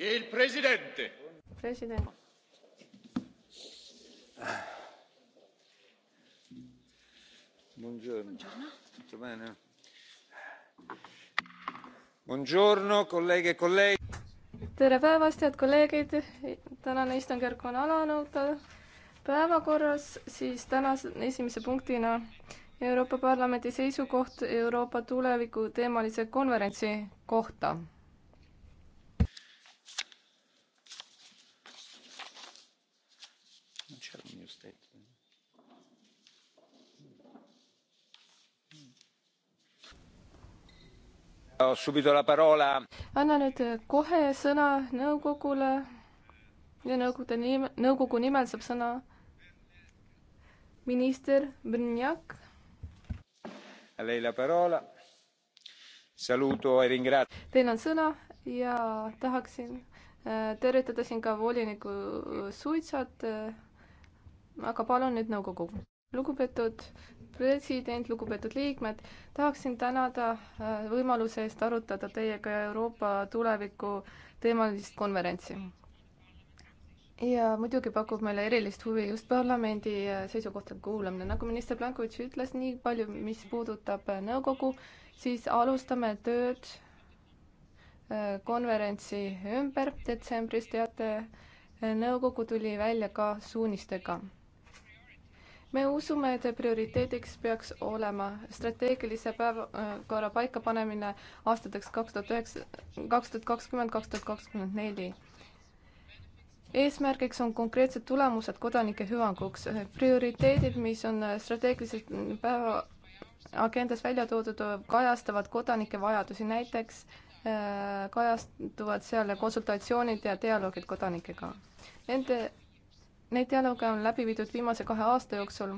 Il presidente. President. Buongiorno. Buongiorno. Tutto bene? Buongiorno, kolleege, kolleeg. E tere päevast, head kolleegid. tänane istungjärk on alanud. päevakorras siis tänase esimese punktina Euroopa Parlamendi seisukoht Euroopa tuleviku teemalise konverentsi kohta annan nüüd kohe sõna nõukogule ja nõukogude nim-, nõukogu nimel saab sõna minister Brnjak. E Teil on sõna ja tahaksin äh, tervitada siin ka voliniku Suitsat. Äh, aga palun nüüd nõukogu lugupeetud president, lugupeetud liikmed, tahaksin tänada äh, võimaluse eest arutada teiega Euroopa tuleviku teemalist konverentsi. ja muidugi pakub meile erilist huvi just parlamendi äh, seisukohtade kuulamine, nagu minister Plankovitš ütles, nii palju, mis puudutab äh, nõukogu, siis alustame tööd konverentsi ümber detsembris, teate, nõukogu tuli välja ka suunistega me usume, et prioriteediks peaks olema strateegilise päevakorra paikapanemine aastateks kaks tuhat üheksa, kaks tuhat kakskümmend, kaks tuhat kakskümmend neli. eesmärgiks on konkreetsed tulemused kodanike hüvanguks. prioriteedid, mis on strateegiliselt päeva agendas välja toodud, kajastavad kodanike vajadusi, näiteks äh, kajastuvad seal konsultatsioonid ja dialoogid kodanikega. Nende Neid dialoogi on läbi viidud viimase kahe aasta jooksul.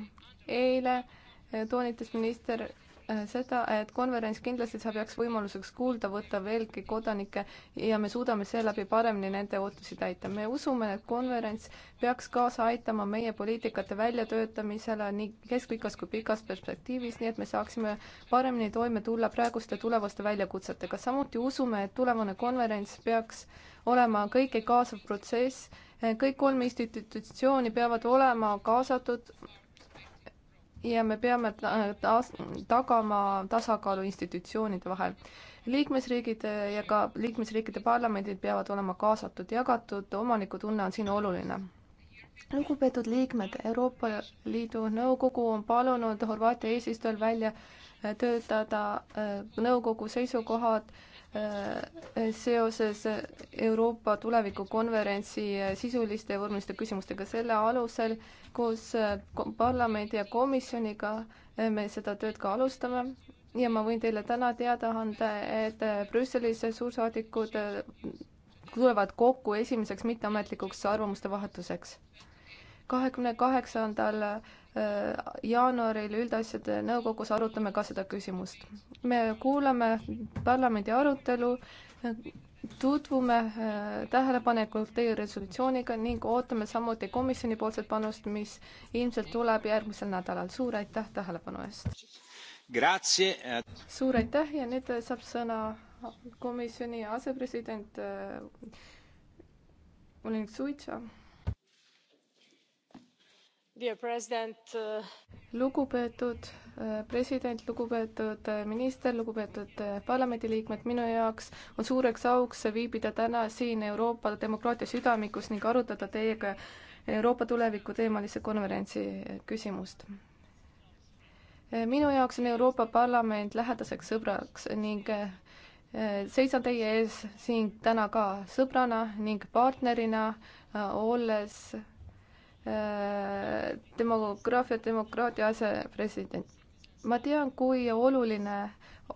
eile eh, toonitas minister eh, seda, et konverents kindlasti saab heaks võimaluseks kuulda võtta veelgi kodanikke ja me suudame seeläbi paremini nende ootusi täita. me usume, et konverents peaks kaasa aitama meie poliitikate väljatöötamisele nii keskpikas kui pikas perspektiivis, nii et me saaksime paremini toime tulla praeguste tulevaste väljakutsetega. samuti usume, et tulevane konverents peaks olema kõiki kaasav protsess kõik kolm institutsiooni peavad olema kaasatud ja me peame taas, tagama tasakaalu institutsioonide vahel. liikmesriigid ja ka liikmesriikide parlamendid peavad olema kaasatud, jagatud omanikutunne on siin oluline lugupeetud liikmed, Euroopa Liidu Nõukogu on palunud Horvaatia eesistujal välja töötada äh, nõukogu seisukohad Äh, seoses Euroopa tulevikukonverentsi äh, sisuliste ja vormiliste küsimustega. selle alusel koos äh, parlamendi ja komisjoniga me seda tööd ka alustame ja ma võin teile täna teada anda, et Brüsselis suursaadikud tulevad kokku esimeseks mitteametlikuks arvamuste vahetuseks. kahekümne kaheksandal Äh, jaanuaril üldasjade nõukogus arutame ka seda küsimust. me kuulame parlamendi arutelu, tutvume äh, tähelepanelikult teie resolutsiooniga ning ootame samuti komisjonipoolset panust, mis ilmselt tuleb järgmisel nädalal. suur aitäh tähelepanu eest! Äh. suur aitäh ja nüüd saab sõna komisjoni asepresident Olin Suitsa Uh, lugupeetud uh, president, lugupeetud uh, minister, lugupeetud parlamendiliikmed, minu jaoks on suureks auks viibida täna siin Euroopa demokraatia südamikus ning arutada teiega Euroopa tuleviku teemalise konverentsi küsimust. minu jaoks on Euroopa Parlament lähedaseks sõbraks ning seisan teie ees siin täna ka sõbrana ning partnerina, olles Äh, demograafia, demokraatia asepresident. ma tean, kui oluline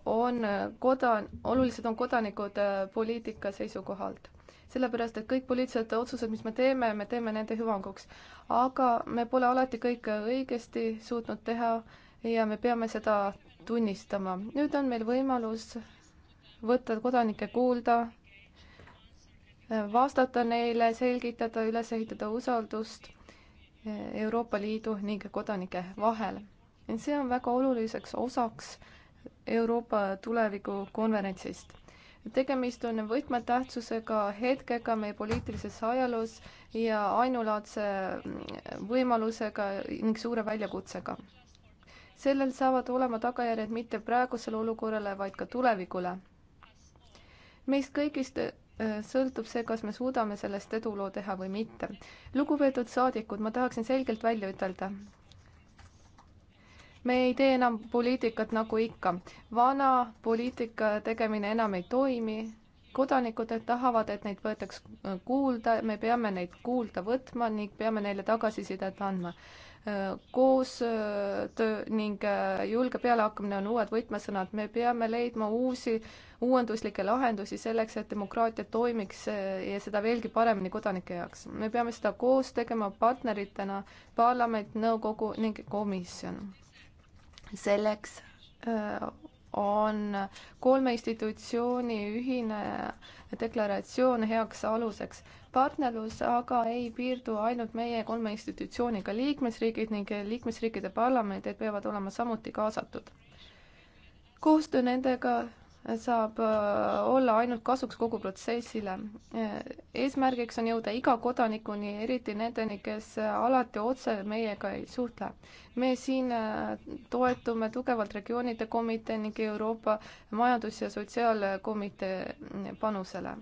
on äh, kodan-, olulised on kodanikud äh, poliitika seisukohalt. sellepärast, et kõik poliitilised otsused, mis me teeme, me teeme nende hüvanguks. aga me pole alati kõike õigesti suutnud teha ja me peame seda tunnistama. nüüd on meil võimalus võtta kodanikke kuulda, vastata neile, selgitada, üles ehitada usaldust Euroopa Liidu ning kodanike vahel. see on väga oluliseks osaks Euroopa tulevikukonverentsist. tegemist on võtmetähtsusega hetkega meie poliitilises ajaloos ja ainulaadse võimalusega ning suure väljakutsega. sellel saavad olema tagajärjed mitte praegusele olukorrale, vaid ka tulevikule. meist kõigist Äh, sõltub see, kas me suudame sellest eduloo teha või mitte. lugupeetud saadikud, ma tahaksin selgelt välja ütelda. me ei tee enam poliitikat nagu ikka. vana poliitika tegemine enam ei toimi. kodanikud tahavad, et neid võetaks kuulda, me peame neid kuulda võtma ning peame neile tagasisidet andma koostöö äh, ning äh, julge pealehakkamine on uued võtmesõnad. me peame leidma uusi uuenduslikke lahendusi selleks, et demokraatia toimiks äh, ja seda veelgi paremini kodanike jaoks. me peame seda koos tegema partneritena, parlament, nõukogu ning komisjon. selleks on kolme institutsiooni ühine deklaratsioon heaks aluseks. partnerlus aga ei piirdu ainult meie kolme institutsiooniga, liikmesriigid ning liikmesriikide parlamendid peavad olema samuti kaasatud. koostöö nendega saab äh, olla ainult kasuks kogu protsessile. Äh, eesmärgiks on jõuda iga kodanikuni, eriti nendeni, kes äh, alati otse meiega ei suhtle. me siin toetume tugevalt regioonide komitee ning Euroopa Majandus- ja Sotsiaalkomitee panusele.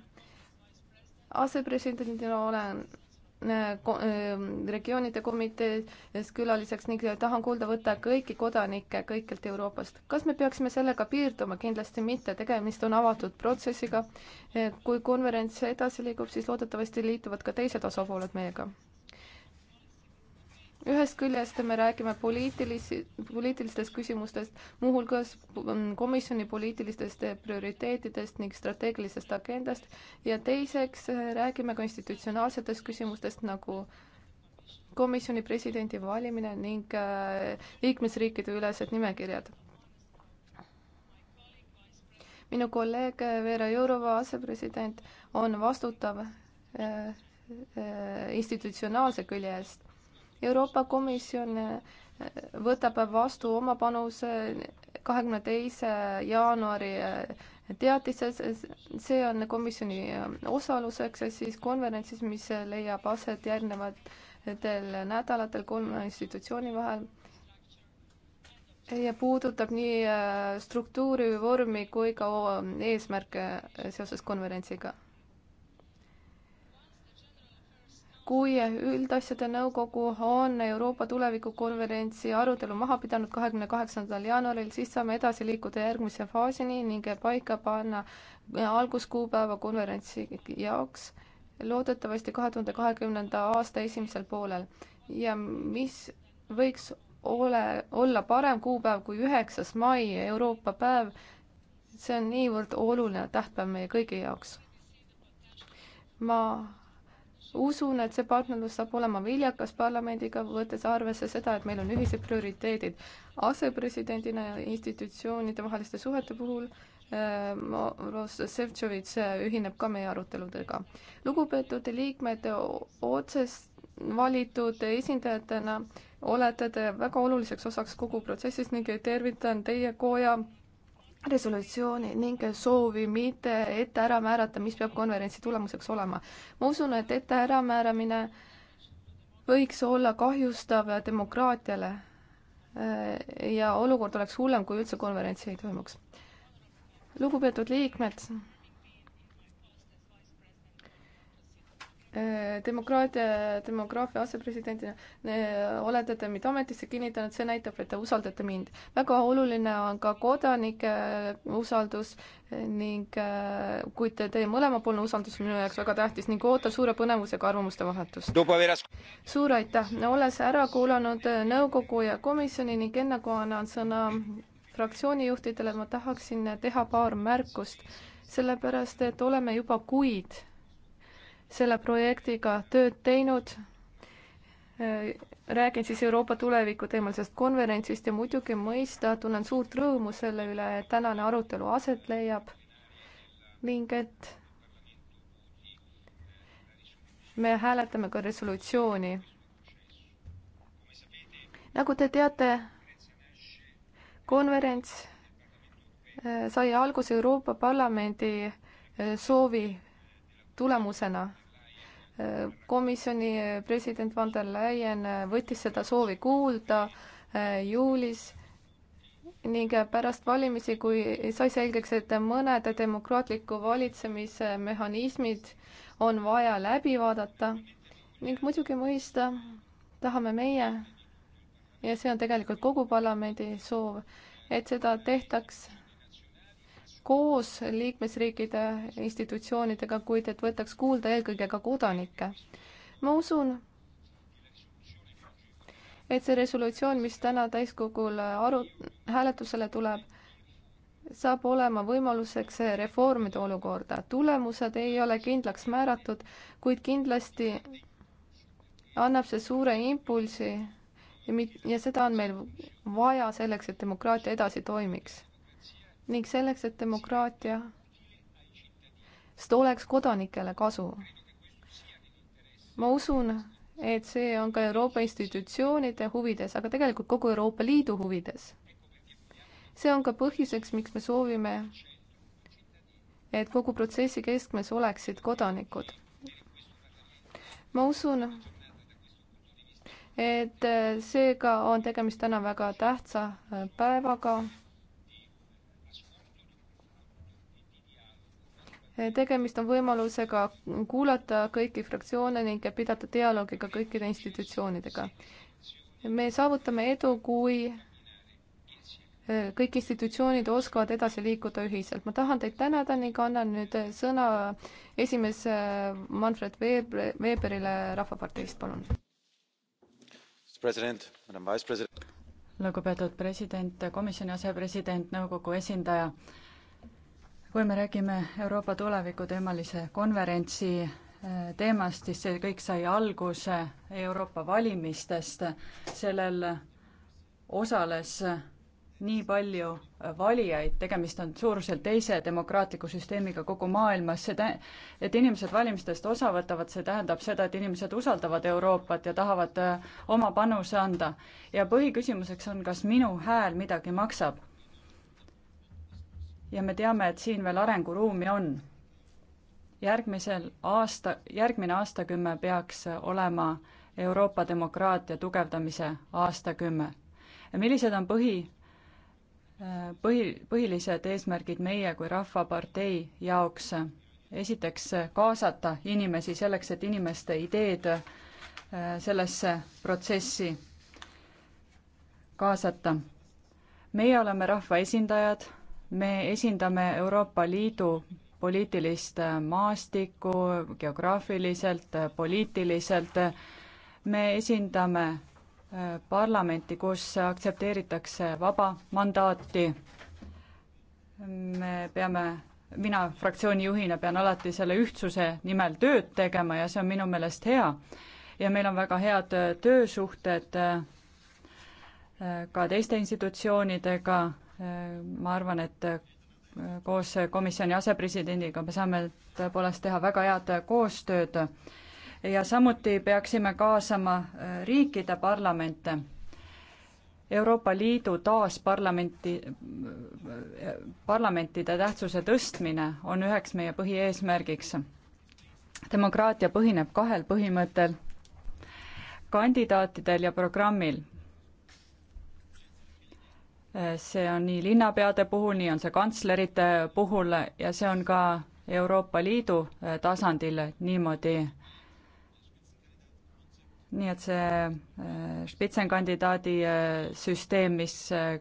asepresidendina olen Äh, äh, regioonide komitees külaliseks ning tahan kuulda võtta kõiki kodanikke kõikjalt Euroopast. kas me peaksime sellega piirduma? kindlasti mitte, tegemist on avatud protsessiga. Äh, kui konverents edasi liigub, siis loodetavasti liituvad ka teised osapooled meiega ühest küljest me räägime poliitilisi, poliitilistest küsimustest, muuhulgas komisjoni poliitilistest prioriteetidest ning strateegilisest agendast ja teiseks räägime ka institutsionaalsetest küsimustest nagu komisjoni presidendi valimine ning äh, liikmesriikide ülesed nimekirjad. minu kolleeg Vera Jourova, asepresident, on vastutav äh, äh, institutsionaalse külje eest Euroopa Komisjon äh, võtab vastu oma panuse kahekümne teise jaanuari äh, teatises, see on komisjoni äh, osaluseks siis konverentsis, mis leiab aset järgnevatel nädalatel kolme institutsiooni vahel ja puudutab nii struktuuri, vormi kui ka eesmärke seoses konverentsiga kui üldasjade nõukogu on Euroopa tulevikukonverentsi arutelu maha pidanud kahekümne kaheksandal jaanuaril, siis saame edasi liikuda järgmise faasini ning paika panna alguskuupäeva konverentsi jaoks loodetavasti kahe tuhande kahekümnenda aasta esimesel poolel. ja mis võiks ole, olla parem kuupäev kui üheksas mai, Euroopa päev, see on niivõrd oluline tähtpäev meie kõigi jaoks. ma usun, et see partnerlus saab olema viljakas parlamendiga, võttes arvesse seda, et meil on ühised prioriteedid. asepresidendina ja institutsioonide vaheliste suhete puhul Maros ehm, Šefčovitš eh, ühineb ka meie aruteludega. lugupeetud liikmed, otsest valitud esindajatena olete te väga oluliseks osaks kogu protsessis ning tervitan teie koja resolutsiooni ning soovi mitte ette ära määrata, mis peab konverentsi tulemuseks olema. ma usun, et ette äramääramine võiks olla kahjustav demokraatiale äh, ja olukord oleks hullem, kui üldse konverentsi ei toimuks. lugupeetud liikmed Äh, demokraatia, demograafia asepresidendina äh, olete te mind ametisse kinnitanud, see näitab, et te usaldate mind. väga oluline on ka kodanike äh, usaldus ning kuid te, teie mõlemapoolne usaldus on minu jaoks väga tähtis ning ootan suure põnevusega arvamuste vahetust. suur aitäh, olles ära kuulanud nõukogu ja komisjoni ning enne kui annan sõna fraktsioonijuhtidele, ma tahaksin teha paar märkust, sellepärast et oleme juba kuid selle projektiga tööd teinud. Äh, räägin siis Euroopa tuleviku teemalisest konverentsist ja muidugi mõista, tunnen suurt rõõmu selle üle, et tänane arutelu aset leiab ning et me hääletame ka resolutsiooni. nagu te teate, konverents äh, sai alguse Euroopa Parlamendi äh, soovi tulemusena komisjoni president Van der Leyen võttis seda soovi kuulda eh, juulis ning pärast valimisi, kui sai selgeks, et mõned demokraatliku valitsemise mehhanismid on vaja läbi vaadata ning muidugi mõista tahame meie ja see on tegelikult kogu parlamendi soov, et seda tehtaks koos liikmesriikide institutsioonidega, kuid et võtaks kuulda eelkõige ka kodanikke. ma usun, et see resolutsioon, mis täna täiskogul aru, hääletusele tuleb, saab olema võimaluseks reformida olukorda. tulemused ei ole kindlaks määratud, kuid kindlasti annab see suure impulsi ja, mit, ja seda on meil vaja selleks, et demokraatia edasi toimiks ning selleks, et demokraatia sest oleks kodanikele kasu. ma usun, et see on ka Euroopa institutsioonide huvides, aga tegelikult kogu Euroopa Liidu huvides. see on ka põhjuseks, miks me soovime, et kogu protsessi keskmes oleksid kodanikud. ma usun, et seega on tegemist täna väga tähtsa päevaga tegemist on võimalusega kuulata kõiki fraktsioone ning pidada dialoogi ka kõikide institutsioonidega. me saavutame edu, kui äh, kõik institutsioonid oskavad edasi liikuda ühiselt. ma tahan teid tänada ning annan nüüd sõna esimees äh, Manfred Weber, Weberile Rahvaparteist, palun. lugupeetud president, komisjoni asepresident, nõukogu esindaja kui me räägime Euroopa tuleviku teemalise konverentsi eh, teemast, siis see kõik sai alguse Euroopa valimistest. sellel osales nii palju valijaid, tegemist on suuruselt teise demokraatliku süsteemiga kogu maailmas, see tä-, et inimesed valimistest osa võtavad, see tähendab seda, et inimesed usaldavad Euroopat ja tahavad eh, oma panuse anda. ja põhiküsimuseks on, kas minu hääl midagi maksab ja me teame, et siin veel arenguruumi on. järgmisel aasta, järgmine aastakümme peaks olema Euroopa demokraatia tugevdamise aastakümme. millised on põhi, põhi, põhilised eesmärgid meie kui Rahvapartei jaoks? esiteks kaasata inimesi selleks, et inimeste ideed sellesse protsessi kaasata. meie oleme rahvaesindajad me esindame Euroopa Liidu poliitilist äh, maastikku geograafiliselt, äh, poliitiliselt. me esindame äh, parlamenti, kus aktsepteeritakse vaba mandaati. me peame, mina fraktsiooni juhina pean alati selle ühtsuse nimel tööd tegema ja see on minu meelest hea. ja meil on väga head töösuhted ka teiste institutsioonidega ma arvan, et äh, koos komisjoni asepresidendiga me saame tõepoolest teha väga head koostööd ja samuti peaksime kaasama äh, riikide parlamente Euroopa Liidu taasparlamenti, äh, parlamentide tähtsuse tõstmine on üheks meie põhieesmärgiks. demokraatia põhineb kahel põhimõttel, kandidaatidel ja programmil see on nii linnapeade puhul, nii on see kantslerite puhul ja see on ka Euroopa Liidu eh, tasandil niimoodi. nii et see eh, spitsenkandidaadi eh, süsteem, mis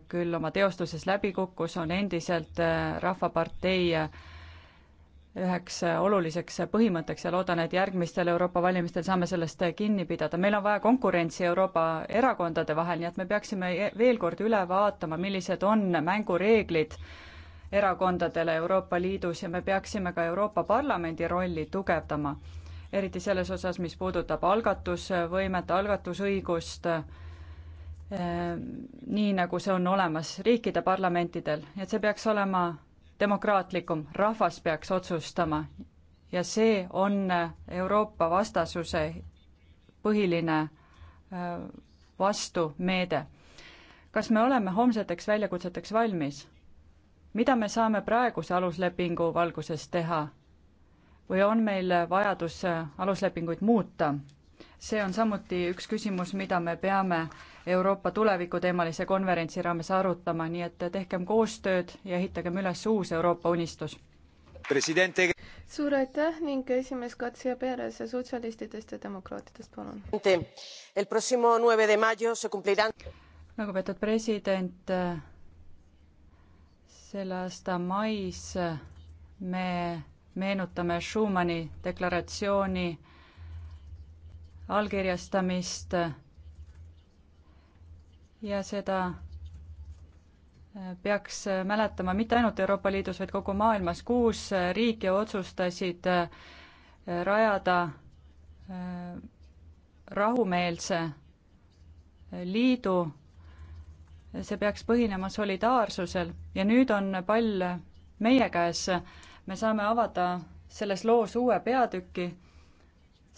küll oma teostuses läbi kukkus, on endiselt Rahvapartei üheks oluliseks põhimõtteks ja loodan, et järgmistel Euroopa valimistel saame sellest kinni pidada. meil on vaja konkurentsi Euroopa erakondade vahel, nii et me peaksime e-, veel kord üle vaatama, millised on mängureeglid erakondadele Euroopa Liidus ja me peaksime ka Euroopa Parlamendi rolli tugevdama. eriti selles osas, mis puudutab algatusvõimet, algatusõigust, eh, nii nagu see on olemas riikide parlamentidel, et see peaks olema demokraatlikum, rahvas peaks otsustama ja see on Euroopa vastasuse põhiline äh, vastumeede. kas me oleme homseteks väljakutseteks valmis? mida me saame praeguse aluslepingu valguses teha? või on meil vajadus aluslepinguid muuta? see on samuti üks küsimus, mida me peame Euroopa tuleviku teemalise konverentsi raames arutama, nii et tehkem koostööd ja ehitagem üles uus Euroopa unistus. Presidente... suur aitäh ning esimees Katja Perez sotsialistidest ja demokraatidest, palun. lugupeetud president, selle aasta mais me meenutame Schumani deklaratsiooni allkirjastamist ja seda peaks mäletama mitte ainult Euroopa Liidus, vaid kogu maailmas, kuus riiki otsustasid rajada rahumeelse liidu, see peaks põhinema solidaarsusel ja nüüd on pall meie käes, me saame avada selles loos uue peatüki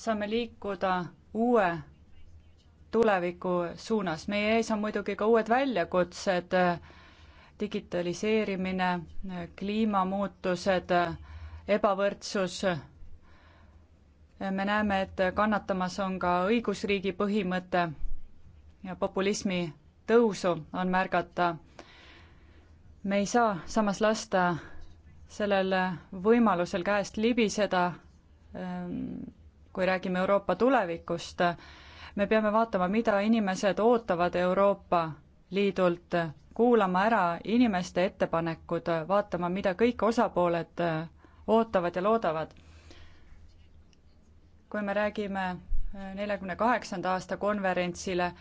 saame liikuda uue tuleviku suunas. meie ees on muidugi ka uued väljakutsed, digitaliseerimine, kliimamuutused, ebavõrdsus. me näeme, et kannatamas on ka õigusriigi põhimõte ja populismi tõusu on märgata. me ei saa samas lasta sellel võimalusel käest libiseda ehm, kui räägime Euroopa tulevikust, me peame vaatama, mida inimesed ootavad Euroopa Liidult, kuulama ära inimeste ettepanekud, vaatama, mida kõik osapooled ootavad ja loodavad. kui me räägime neljakümne kaheksanda aasta konverentsile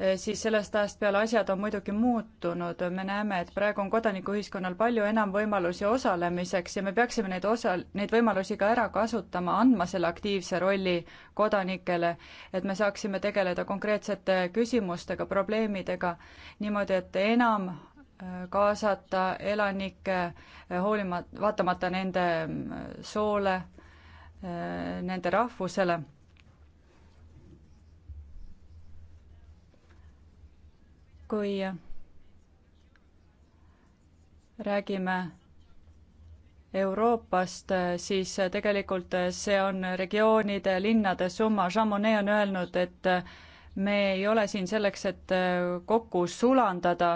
Eh, siis sellest ajast peale asjad on muidugi muutunud. me näeme, et praegu on kodanikuühiskonnal palju enam võimalusi osalemiseks ja me peaksime neid osa, neid võimalusi ka ära kasutama, andma selle aktiivse rolli kodanikele, et me saaksime tegeleda konkreetsete küsimustega, probleemidega niimoodi, et enam eh, kaasata elanikke eh, hoolima, vaatamata nende mm, soole, nende rahvusele kui räägime Euroopast, siis tegelikult see on regioonide, linnade summa, Chamonix on öelnud, et me ei ole siin selleks, et kokku sulandada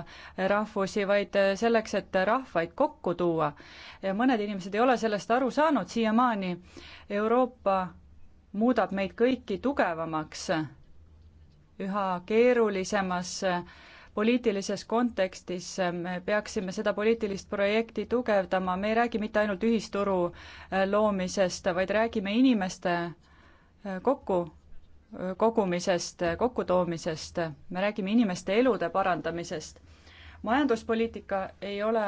rahvusi, vaid selleks, et rahvaid kokku tuua. ja mõned inimesed ei ole sellest aru saanud siiamaani. Euroopa muudab meid kõiki tugevamaks üha keerulisemas poliitilises kontekstis äh, me peaksime seda poliitilist projekti tugevdama, me ei räägi mitte ainult ühisturu äh, loomisest, vaid räägime inimeste äh, kokku kogumisest, kokkutoomisest, me räägime inimeste elude parandamisest. majanduspoliitika ei ole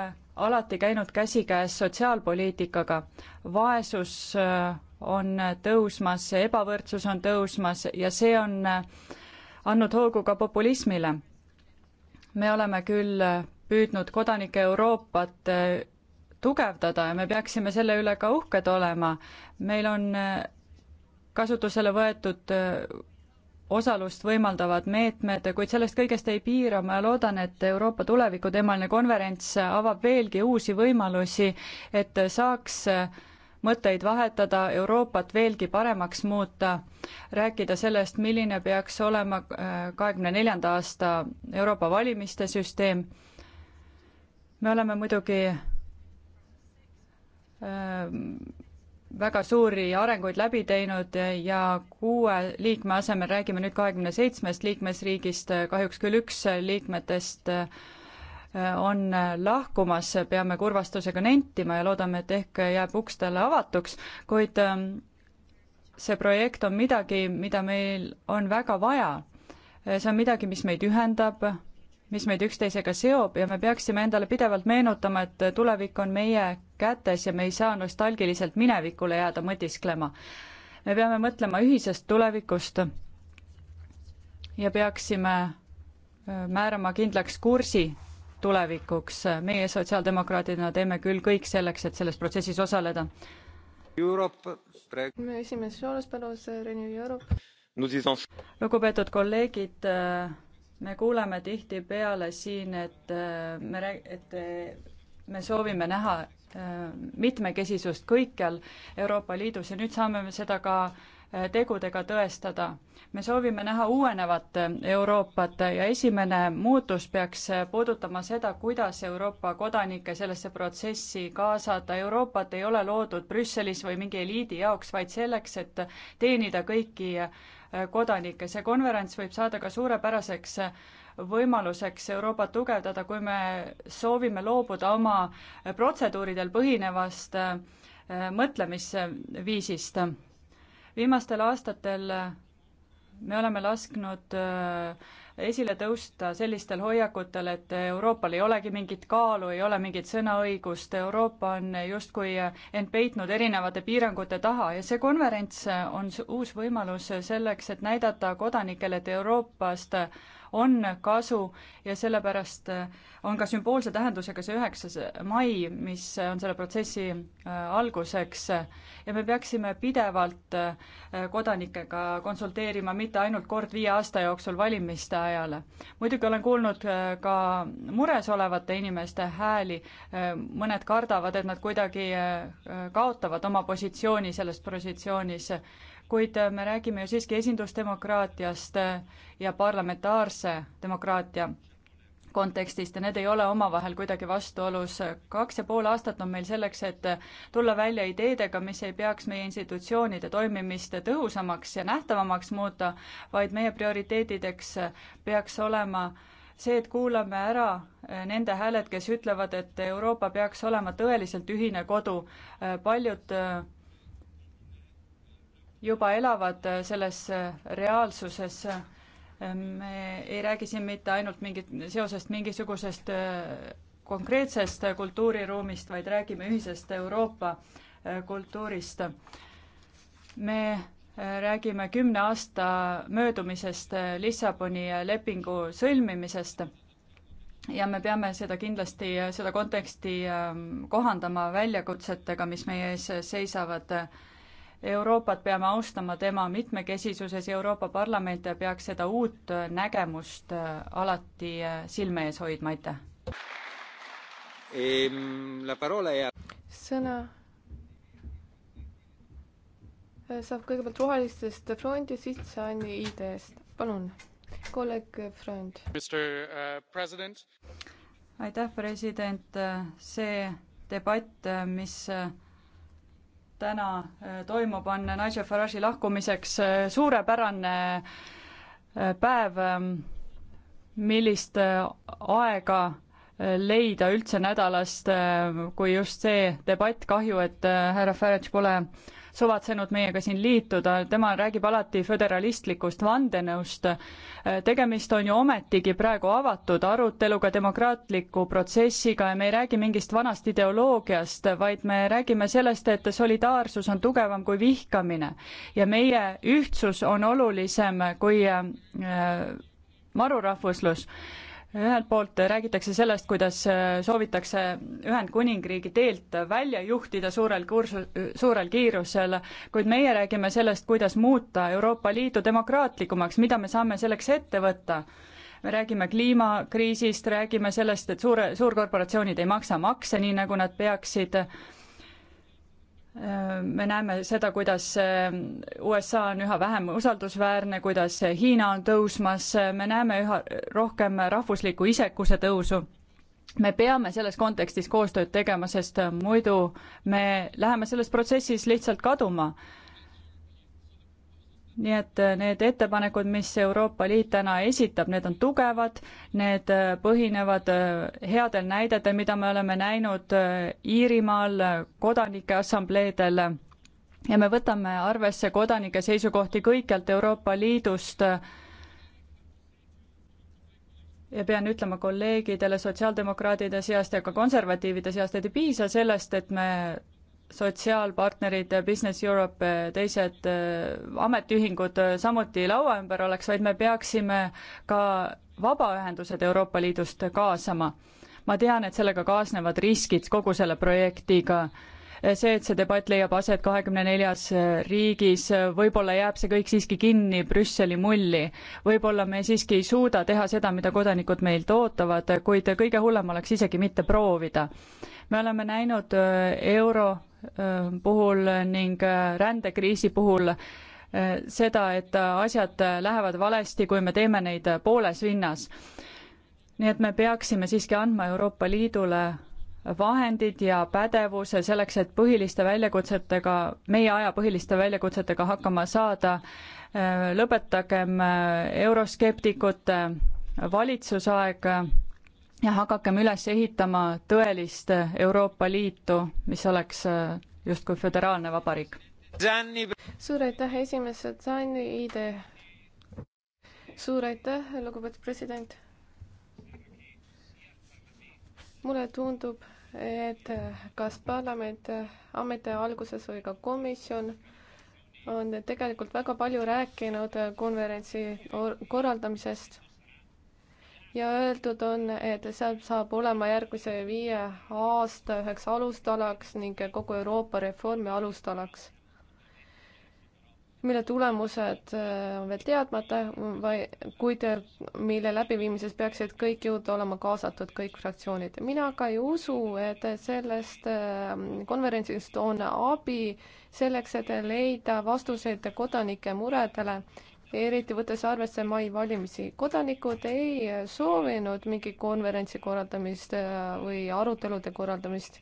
alati käinud käsikäes sotsiaalpoliitikaga. vaesus on tõusmas, ebavõrdsus on tõusmas ja see on andnud hoogu ka populismile me oleme küll püüdnud kodanike Euroopat äh, tugevdada ja me peaksime selle üle ka uhked olema. meil on äh, kasutusele võetud äh, osalust võimaldavad meetmed, kuid sellest kõigest ei piira, ma loodan, et Euroopa tuleviku teemaline konverents avab veelgi uusi võimalusi, et saaks mõtteid vahetada, Euroopat veelgi paremaks muuta, rääkida sellest, milline peaks olema äh, kahekümne neljanda aasta Euroopa valimiste süsteem. me oleme muidugi ähm, väga suuri arenguid läbi teinud ja kuue liikme asemel räägime nüüd kahekümne seitsmest liikmesriigist, kahjuks küll üks liikmetest äh, on lahkumas, peame kurvastusega nentima ja loodame, et ehk jääb uks talle avatuks, kuid ähm, see projekt on midagi, mida meil on väga vaja. see on midagi, mis meid ühendab, mis meid üksteisega seob ja me peaksime endale pidevalt meenutama, et tulevik on meie kätes ja me ei saa nostalgiliselt minevikule jääda mõtisklema. me peame mõtlema ühisest tulevikust ja peaksime äh, määrama kindlaks kursi tulevikuks. meie sotsiaaldemokraadina teeme küll kõik selleks, et selles protsessis osaleda. esimees Soros, palun, Renew Europe. lugupeetud kolleegid, me kuuleme tihtipeale siin, et äh, me rääg-, et äh, me soovime näha äh, mitmekesisust kõikjal Euroopa Liidus ja nüüd saame me seda ka äh, tegudega tõestada. me soovime näha uuenevat Euroopat ja esimene muutus peaks puudutama seda, kuidas Euroopa kodanikke sellesse protsessi kaasata. Euroopat ei ole loodud Brüsselis või mingi eliidi jaoks, vaid selleks, et teenida kõiki kodanikke. see konverents võib saada ka suurepäraseks võimaluseks Euroopat tugevdada, kui me soovime loobuda oma protseduuridel põhinevast äh, mõtlemisviisist viimastel aastatel me oleme lasknud äh, esile tõusta sellistel hoiakutel, et Euroopal ei olegi mingit kaalu, ei ole mingit sõnaõigust, Euroopa on justkui end peitnud erinevate piirangute taha ja see konverents on uus võimalus selleks, et näidata kodanikele, et Euroopast on kasu ja sellepärast äh, on ka sümboolse tähendusega see üheksas mai, mis äh, on selle protsessi äh, alguseks ja me peaksime pidevalt kodanikega konsulteerima, mitte ainult kord viie aasta jooksul valimiste ajal. muidugi olen kuulnud ka mures olevate inimeste hääli, mõned kardavad, et nad kuidagi kaotavad oma positsiooni selles positsioonis kuid äh, me räägime ju siiski esindusdemokraatiast äh, ja parlamentaarse demokraatia kontekstist ja need ei ole omavahel kuidagi vastuolus. kaks ja pool aastat on meil selleks, et äh, tulla välja ideedega, mis ei peaks meie institutsioonide toimimist tõhusamaks ja nähtavamaks muuta, vaid meie prioriteedideks peaks olema see, et kuulame ära nende hääled, kes ütlevad, et Euroopa peaks olema tõeliselt ühine kodu. paljud juba elavad äh, selles äh, reaalsuses. Äh, me ei räägi siin mitte ainult mingit, seosest mingisugusest konkreetsest kultuuriruumist, vaid räägime ühisest Euroopa kultuurist. me räägime kümne aasta möödumisest Lissaboni lepingu sõlmimisest ja me peame seda kindlasti, seda konteksti kohandama väljakutsetega, mis meie ees seisavad Euroopat peame austama tema mitmekesisuses ja Euroopa Parlament peaks seda uut nägemust äh, alati äh, silme ees hoidma, aitäh! Ehm, sõna saab kõigepealt rohelistest Front ja siis Sani ID-st. palun, kolleeg Front. Äh, aitäh, president, see debatt, mis täna äh, toimub, on Nigel Farage'i lahkumiseks äh, suurepärane äh, päev, ähm, millist aega leida üldse nädalast, äh, kui just see debatt, kahju, et äh, härra Farage pole suvatsenud meiega siin liituda, tema räägib alati föderalistlikust vandenõust. Äh, tegemist on ju ometigi praegu avatud aruteluga, demokraatliku protsessiga ja me ei räägi mingist vanast ideoloogiast, vaid me räägime sellest, et solidaarsus on tugevam kui vihkamine ja meie ühtsus on olulisem kui marurahvuslus äh, ühelt poolt räägitakse sellest, kuidas äh, soovitakse Ühendkuningriigi teelt välja juhtida suurel kursu-, suurel kiirusel, kuid meie räägime sellest, kuidas muuta Euroopa Liidu demokraatlikumaks, mida me saame selleks ette võtta. me räägime kliimakriisist, räägime sellest, et suure, suurkorporatsioonid ei maksa makse, nii nagu nad peaksid, me näeme seda, kuidas USA on üha vähem usaldusväärne, kuidas Hiina on tõusmas, me näeme üha rohkem rahvusliku isekuse tõusu. me peame selles kontekstis koostööd tegema, sest muidu me läheme selles protsessis lihtsalt kaduma nii et äh, need ettepanekud, mis Euroopa Liit täna esitab, need on tugevad, need äh, põhinevad äh, headel näidetel, mida me oleme näinud Iirimaal kodanike assambleedel ja me võtame arvesse kodanike seisukohti kõikjalt Euroopa Liidust. ja pean ütlema kolleegidele sotsiaaldemokraatide seast ja ka konservatiivide seast, et ei piisa sellest, et me sotsiaalpartnerid, Business Europe, teised äh, ametiühingud äh, samuti laua ümber oleks, vaid me peaksime ka vabaühendused Euroopa Liidust kaasama. ma tean, et sellega kaasnevad riskid kogu selle projektiga. Äh, see, et see debatt leiab aset kahekümne neljas riigis, võib-olla jääb see kõik siiski kinni Brüsseli mulli. võib-olla me siiski ei suuda teha seda, mida kodanikud meilt ootavad, kuid kõige hullem oleks isegi mitte proovida me oleme näinud äh, euro äh, puhul ning äh, rändekriisi puhul seda, et asjad lähevad valesti, kui me teeme neid pooles vinnas. nii et me peaksime siiski andma Euroopa Liidule vahendid ja pädevuse selleks, et põhiliste väljakutsetega, meie aja põhiliste väljakutsetega hakkama saada. lõpetagem euroskeptikute valitsusaeg ja hakakem üles ehitama tõelist Euroopa Liitu, mis oleks äh, justkui föderaalne vabariik. suur aitäh, esimees, Zanni idee. suur aitäh, lugupeetud president. mulle tundub, et kas parlament ametiaja alguses või ka komisjon on tegelikult väga palju rääkinud konverentsi korraldamisest ja öeldud on, et seal saab olema järgmise viie aasta üheks alustalaks ning kogu Euroopa reformi alustalaks, mille tulemused äh, on veel teadmata, või kuid äh, mille läbiviimises peaksid kõik jõud olema kaasatud, kõik fraktsioonid. mina aga ei usu, et sellest äh, konverentsist on abi selleks, et leida vastuseid kodanike muredele eriti võttes arvesse mai valimisi. kodanikud ei soovinud mingit konverentsi korraldamist äh, või arutelude korraldamist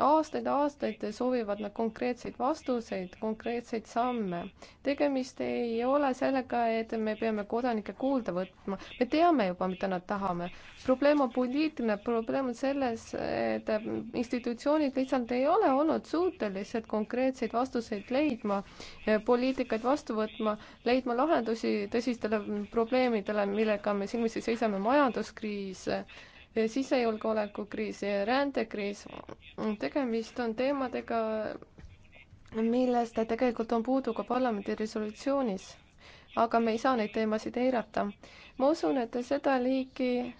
aastaid-aastaid soovivad nad konkreetseid vastuseid, konkreetseid samme. tegemist ei ole sellega, et me peame kodanikke kuulda võtma, me teame juba, mida nad tahame. probleem on poliitiline, probleem on selles, et institutsioonid lihtsalt ei ole olnud suutelised konkreetseid vastuseid leidma, poliitikaid vastu võtma, leidma lahendusi tõsistele probleemidele, millega me silmitsi seisame, majanduskriis, sisejulgeolekukriis, rändekriis, tegemist on teemadega, millest tegelikult on puudu ka parlamendi resolutsioonis. aga me ei saa neid teemasid eirata. ma usun, et seda liiki äh,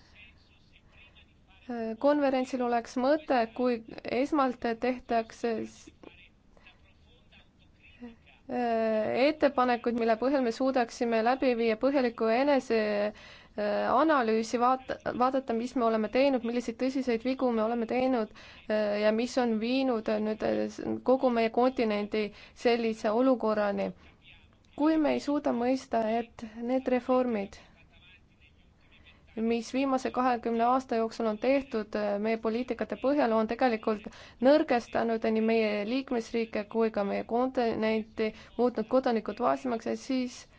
konverentsil oleks mõte, kui esmalt tehtakse äh, ettepanekud, mille põhjal me suudaksime läbi viia põhjaliku enese Äh, analüüsi, vaata, vaadata, mis me oleme teinud, milliseid tõsiseid vigu me oleme teinud äh, ja mis on viinud äh, nüüd kogu meie kontinendi sellise olukorrani. kui me ei suuda mõista, et need reformid, mis viimase kahekümne aasta jooksul on tehtud meie poliitikate põhjal, on tegelikult nõrgestanud nii meie liikmesriike kui ka meie kontinenti, muutnud kodanikud vaesemaks ja siis äh,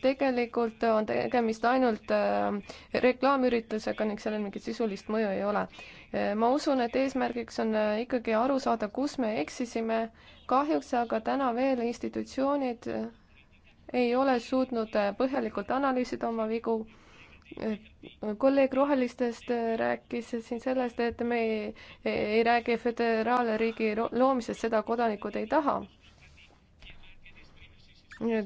tegelikult on tegemist ainult äh, reklaamüritusega ning sellel mingit sisulist mõju ei ole. Äh, ma usun, et eesmärgiks on äh, ikkagi aru saada, kus me eksisime. kahjuks aga täna veel institutsioonid ei ole suutnud põhjalikult analüüsida oma vigu. kolleeg Rohelistest rääkis siin sellest, et me ei, ei räägi föderaalriigi loomisest, seda kodanikud ei taha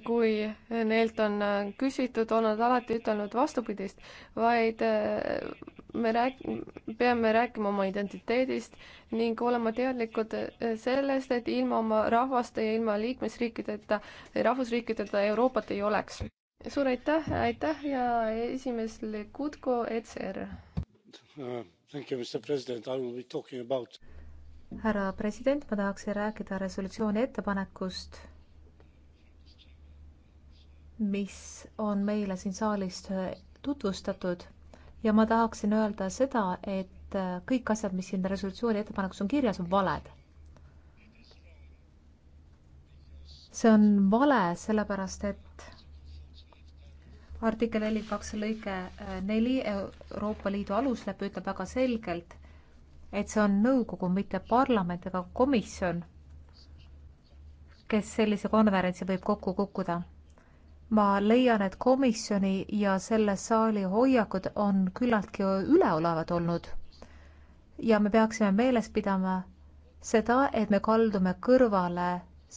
kui neilt on küsitud, on nad alati ütelnud vastupidist, vaid äh, me rääg-, peame rääkima oma identiteedist ning olema teadlikud äh, sellest, et ilma oma rahvaste ja ilma liikmesriikideta, rahvusriikideta Euroopat ei oleks. suur aitäh, aitäh ja esimees Legutko, ECR uh,. Thank you, Mr President, I will be talking about härra president, ma tahaksin rääkida resolutsiooni ettepanekust mis on meile siin saalis äh, tutvustatud ja ma tahaksin öelda seda, et äh, kõik asjad, mis siin resolutsiooni ettepanekus on kirjas, on valed. see on vale, sellepärast et artikkel neli kaks lõige äh, neli Euroopa Liidu aluslepe ütleb väga selgelt, et see on nõukogu, mitte parlament ega komisjon, kes sellise konverentsi võib kokku kukkuda ma leian, et komisjoni ja selle saali hoiakud on küllaltki üleolevad olnud. ja me peaksime meeles pidama seda, et me kaldume kõrvale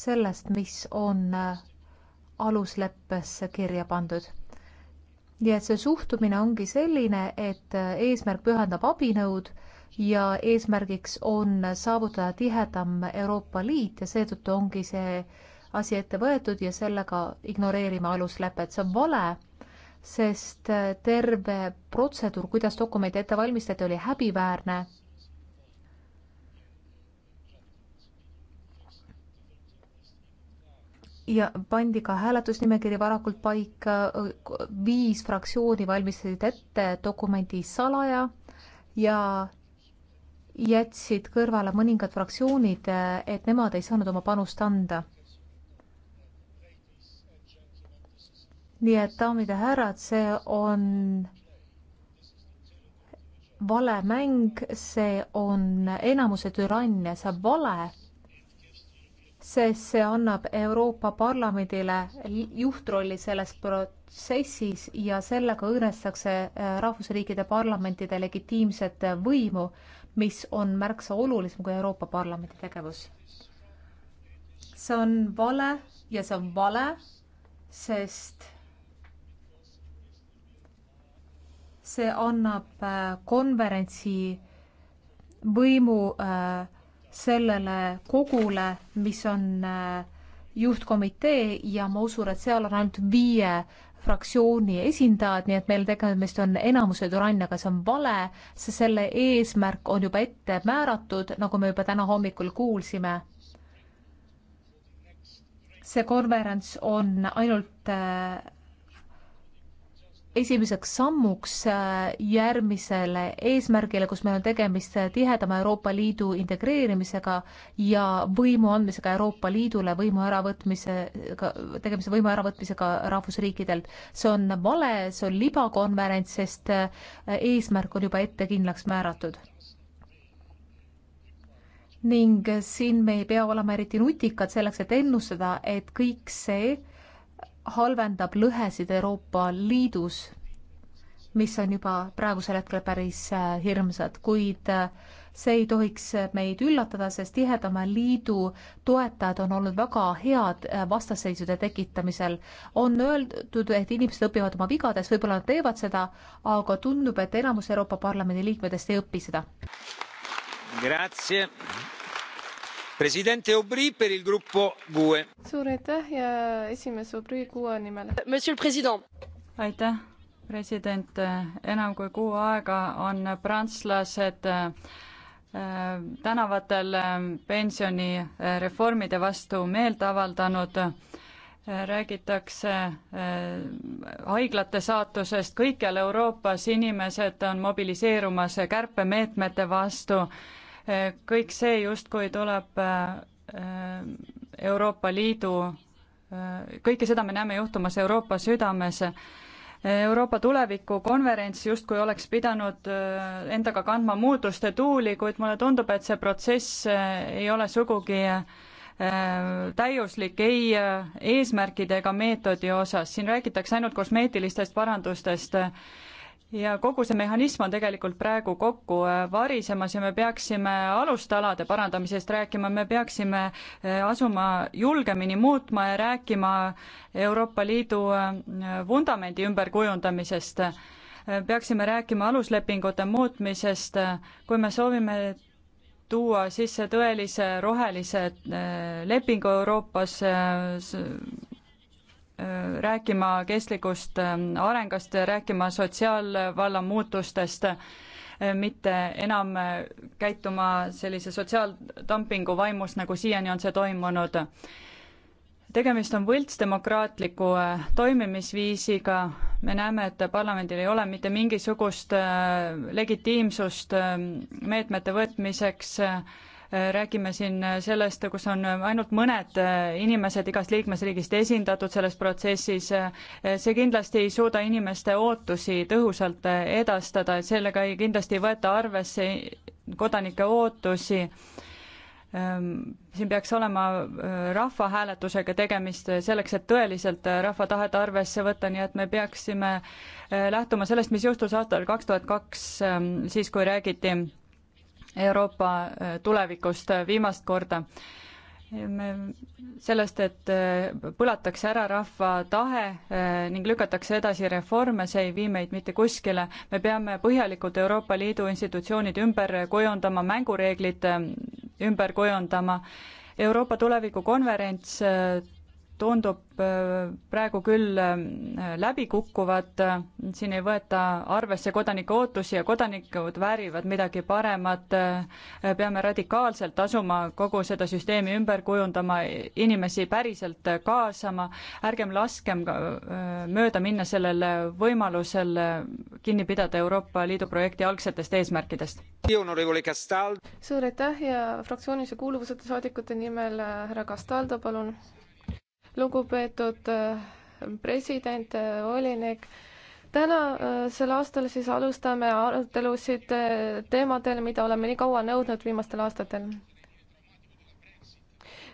sellest, mis on alusleppesse kirja pandud. nii et see suhtumine ongi selline, et eesmärk pühendab abinõud ja eesmärgiks on saavutada tihedam Euroopa Liit ja seetõttu ongi see asi ette võetud ja sellega ignoreerime aluslepet, see on vale, sest terve protseduur, kuidas dokumente ette valmistati, oli häbiväärne ja pandi ka hääletusnimekiri varakult paika, viis fraktsiooni valmistasid ette dokumendi salaja ja jätsid kõrvale mõningad fraktsioonid, et nemad ei saanud oma panust anda. nii et daamid ja härrad, see on vale mäng, see on enamuse türannia, see on vale, sest see annab Euroopa Parlamendile juhtrolli selles protsessis ja sellega õõnestakse äh, rahvusriikide parlamentide legitiimset võimu, mis on märksa olulisem kui Euroopa Parlamendi tegevus. see on vale ja see on vale, sest see annab äh, konverentsi võimu äh, sellele kogule, mis on äh, juhtkomitee ja ma usun, et seal on ainult viie fraktsiooni esindajad, nii et meil tegemist on enamuse türanniaga, see on vale, sest selle eesmärk on juba ette määratud, nagu me juba täna hommikul kuulsime see konverents on ainult esimeseks sammuks äh, järgmisele eesmärgile, kus meil on tegemist äh, tihedama Euroopa Liidu integreerimisega ja võimu andmisega Euroopa Liidule, võimu äravõtmisega, tegemist võimu äravõtmisega rahvusriikidelt. see on vale, see on libakonverents, sest äh, eesmärk on juba ette kindlaks määratud. ning siin me ei pea olema eriti nutikad selleks, et ennustada, et kõik see, halvendab lõhesid Euroopa Liidus, mis on juba praegusel hetkel päris äh, hirmsad, kuid äh, see ei tohiks meid üllatada, sest tihedama liidu toetajad on olnud väga head äh, vastasseisude tekitamisel. on öeldud, et inimesed õpivad oma vigades, võib-olla nad teevad seda, aga tundub, et enamus Euroopa Parlamendi liikmetest ei õpi seda. Grazie presidente Aubry per il gruppo GUE. suur aitäh ja esimees Aubry GUE nimel. aitäh, president, enam kui kuu aega on prantslased äh, tänavatel äh, pensionireformide vastu meelt avaldanud äh, räägitakse haiglate saatusest, kõikjal Euroopas inimesed on mobiliseerumas kärpemeetmete vastu kõik see justkui tuleb äh, äh, Euroopa Liidu, äh, kõike seda me näeme juhtumas Euroopa südames. Euroopa tulevikukonverents justkui oleks pidanud endaga kandma muutuste tuuli, kuid mulle tundub, et see protsess ei ole sugugi täiuslik ei eesmärkide ega meetodi osas, siin räägitakse ainult kosmeetilistest parandustest ja kogu see mehhanism on tegelikult praegu kokku äh, varisemas ja me peaksime alustalade parandamisest rääkima, me peaksime äh, asuma julgemini muutma ja rääkima Euroopa Liidu äh, vundamendi ümberkujundamisest. peaksime rääkima aluslepingute muutmisest, kui me soovime tuua sisse tõelise rohelise lepingu Euroopas rääkima kestlikust ähm, arengust, rääkima sotsiaalvalla muutustest, äh, mitte enam äh, käituma sellise sotsiaaldumpingu vaimus, nagu siiani on see toimunud. tegemist on võltsdemokraatliku äh, toimimisviisiga, me näeme, et parlamendil ei ole mitte mingisugust legitiimsust ähm, meetmete võtmiseks, räägime siin sellest, kus on ainult mõned äh, inimesed igast liikmesriigist esindatud selles protsessis, äh, see kindlasti ei suuda inimeste ootusi tõhusalt äh, edastada, et sellega ei, kindlasti ei võeta arvesse kodanike ootusi ähm, siin peaks olema rahvahääletusega tegemist selleks, et tõeliselt rahva tahet arvesse võtta, nii et me peaksime lähtuma sellest, mis juhtus aastal kaks tuhat kaks, ähm, siis kui räägiti Euroopa äh, tulevikust äh, viimast korda sellest, et äh, põlatakse ära rahva tahe ning lükatakse edasi reforme, see ei vii meid mitte kuskile. me peame põhjalikult Euroopa Liidu institutsioonid ümber kujundama, mängureeglid ümber kujundama. Euroopa tulevikukonverents tundub äh, praegu küll äh, läbikukkuvat, äh, siin ei võeta arvesse kodanike ootusi ja kodanikud väärivad midagi paremat. peame radikaalselt asuma kogu seda süsteemi ümber kujundama, inimesi päriselt kaasama, ärgem laskem mööda minna sellel võimalusel kinni pidada Euroopa Liidu projekti algsetest eesmärkidest. suur aitäh ja fraktsioonilise kuuluvuseta saadikute nimel härra Castaldo, palun lugupeetud äh, president, äh, volinik tänasel äh, aastal siis alustame arutelusid teemadel, mida oleme nii kaua nõudnud viimastel aastatel.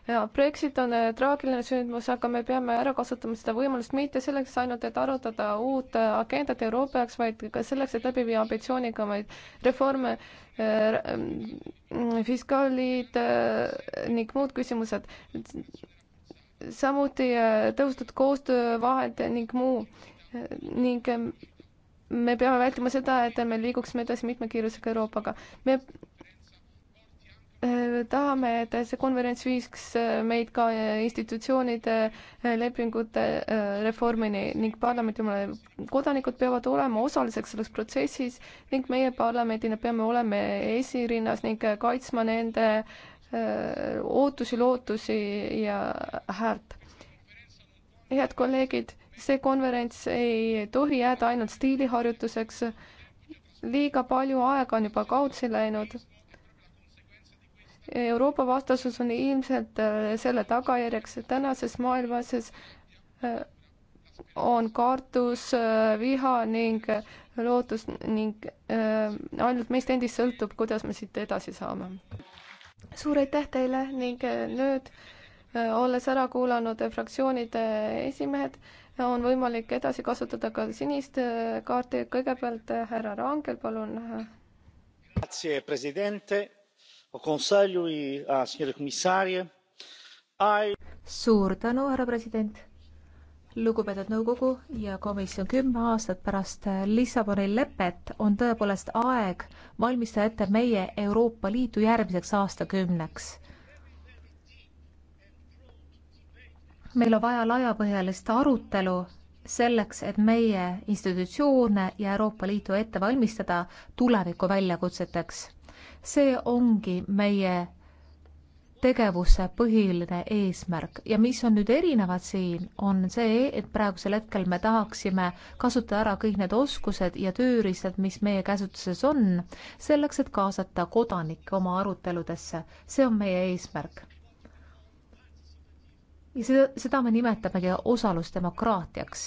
ja Brexit on traagiline sündmus, aga me peame ära kasutama seda võimalust mitte selleks ainult, et arutada uut agendat Euroopa jaoks, vaid ka selleks, et läbi viia ambitsioonikamaid reforme äh,, fiskaalid äh, ning muud küsimused samuti äh, tõhustud koostöövahend ning muu ning ähm, me peame vältima seda, et me liiguksime edasi mitmekiirusega Euroopaga. me äh, tahame, et see konverents viiks äh, meid ka institutsioonide lepingute reformini ning parlamendile. kodanikud peavad olema osaliseks selles protsessis ning meie parlamendina peame olema esirinnas ning kaitsma nende äh, ootusi, lootusi ja häält. head kolleegid, see konverents ei tohi jääda ainult stiiliharjutuseks. liiga palju aega on juba kaudsi läinud Euroopa vastasus on ilmselt selle tagajärjeks, et tänases maailmas on kartus, viha ning lootus ning ainult meist endist sõltub, kuidas me siit edasi saame suur aitäh teile ning eh, nüüd eh, olles ära kuulanud eh, fraktsioonide esimehed, on võimalik edasi kasutada ka sinist kaarti. kõigepealt härra Rangel, palun. Ah, suur tänu, härra president lugupeetud nõukogu ja komisjon, kümme aastat pärast Lissaboni lepet on tõepoolest aeg valmistada ette meie Euroopa Liitu järgmiseks aastakümneks. meil on vaja laiapõhjalist arutelu selleks, et meie institutsioone ja Euroopa Liitu ette valmistada tuleviku väljakutseteks. see ongi meie tegevuse põhiline eesmärk ja mis on nüüd erinevad siin, on see, et praegusel hetkel me tahaksime kasutada ära kõik need oskused ja tööriistad, mis meie käsutuses on, selleks, et kaasata kodanikke oma aruteludesse. see on meie eesmärk. ja seda, seda me nimetamegi osalusdemokraatiaks.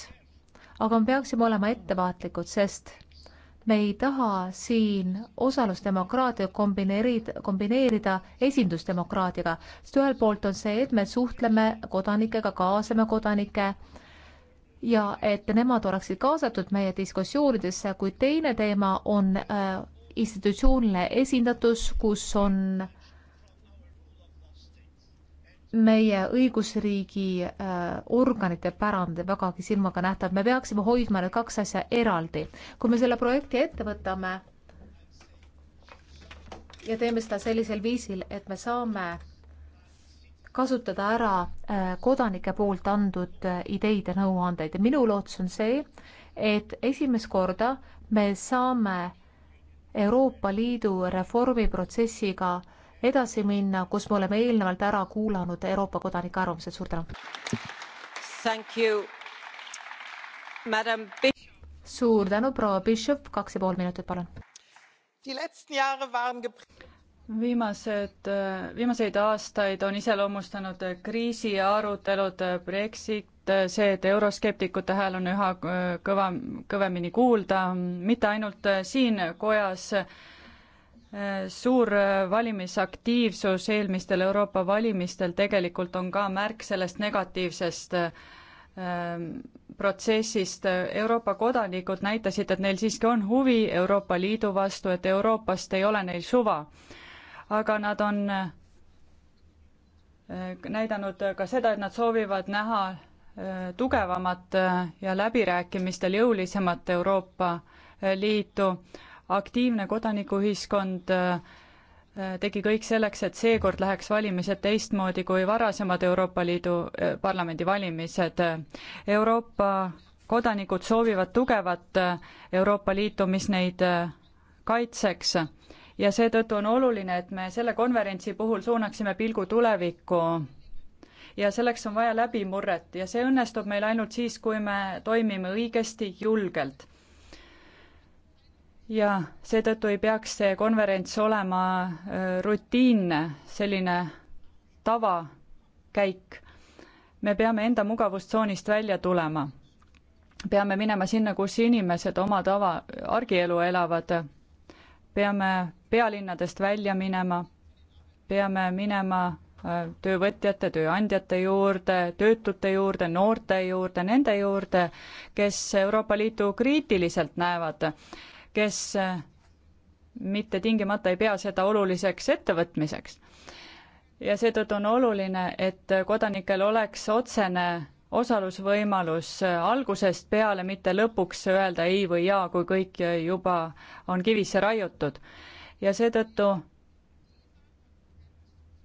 aga me peaksime olema ettevaatlikud, sest me ei taha siin osalusdemokraatia kombineerida, kombineerida esindusdemokraatiaga, sest ühelt poolt on see, et me suhtleme kodanikega, kaasame kodanikke ja et nemad oleksid kaasatud meie diskussioonidesse, kuid teine teema on äh, institutsiooniline esindatus, kus on äh, meie õigusriigi äh, organite pärand vägagi silmaga nähtav, me peaksime hoidma need kaks asja eraldi. kui me selle projekti ette võtame ja teeme seda sellisel viisil, et me saame kasutada ära äh, kodanike poolt antud äh, ideid ja nõuandeid ja minu lootus on see, et esimest korda me saame Euroopa Liidu reformiprotsessiga äh, edasi minna, kus me oleme eelnevalt ära kuulanud Euroopa kodanike arvamused. suur tänu. suur tänu, proua Bishop, kaks ja pool minutit, palun. viimased, äh, viimaseid aastaid on iseloomustanud kriisi arutelud äh, Brexit, äh, see, et euroskeptikute hääl on üha kõva, kõvemini kuulda, mitte ainult siin kojas, suur äh, valimisaktiivsus eelmistel Euroopa valimistel tegelikult on ka märk sellest negatiivsest äh, ähm, protsessist. Euroopa kodanikud näitasid, et neil siiski on huvi Euroopa Liidu vastu, et Euroopast ei ole neil suva. aga nad on äh, näidanud ka seda, et nad soovivad näha tugevamat ja läbirääkimistel jõulisemat Euroopa Liitu aktiivne kodanikuühiskond äh, tegi kõik selleks, et seekord läheks valimised teistmoodi kui varasemad Euroopa Liidu äh, parlamendi valimised. Euroopa kodanikud soovivad tugevat äh, Euroopa Liitu, mis neid kaitseks ja seetõttu on oluline, et me selle konverentsi puhul suunaksime pilgu tulevikku. ja selleks on vaja läbimurret ja see õnnestub meil ainult siis, kui me toimime õigesti, julgelt ja seetõttu ei peaks see konverents olema äh, rutiinne, selline tavakäik. me peame enda mugavustsoonist välja tulema. peame minema sinna, kus inimesed oma tava, argielu elavad. peame pealinnadest välja minema, peame minema äh, töövõtjate, tööandjate juurde, töötute juurde, noorte juurde, nende juurde, kes Euroopa Liitu kriitiliselt näevad kes eh, mitte tingimata ei pea seda oluliseks ettevõtmiseks. ja seetõttu on oluline, et kodanikel oleks otsene osalusvõimalus eh, algusest peale, mitte lõpuks öelda ei või jaa, kui kõik juba on kivisse raiutud. ja seetõttu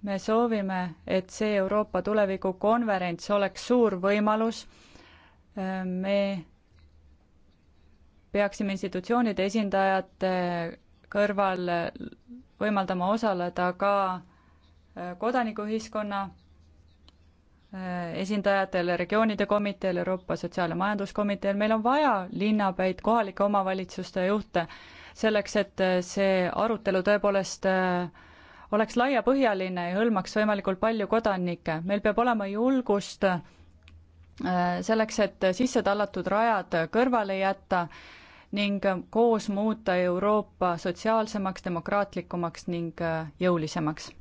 me soovime, et see Euroopa tulevikukonverents oleks suur võimalus eh, me peaksime institutsioonide esindajate kõrval võimaldama osaleda ka äh, kodanikuühiskonna äh, esindajatel, regioonide komiteel, Euroopa Sotsiaal- ja Majanduskomiteel, meil on vaja linnapäid, kohalike omavalitsuste juhte, selleks et äh, see arutelu tõepoolest oleks laiapõhjaline ja hõlmaks võimalikult palju kodanikke, meil peab olema julgust selleks, et sisse tallatud rajad kõrvale jätta ning äh, koos muuta Euroopa sotsiaalsemaks, demokraatlikumaks ning äh, jõulisemaks.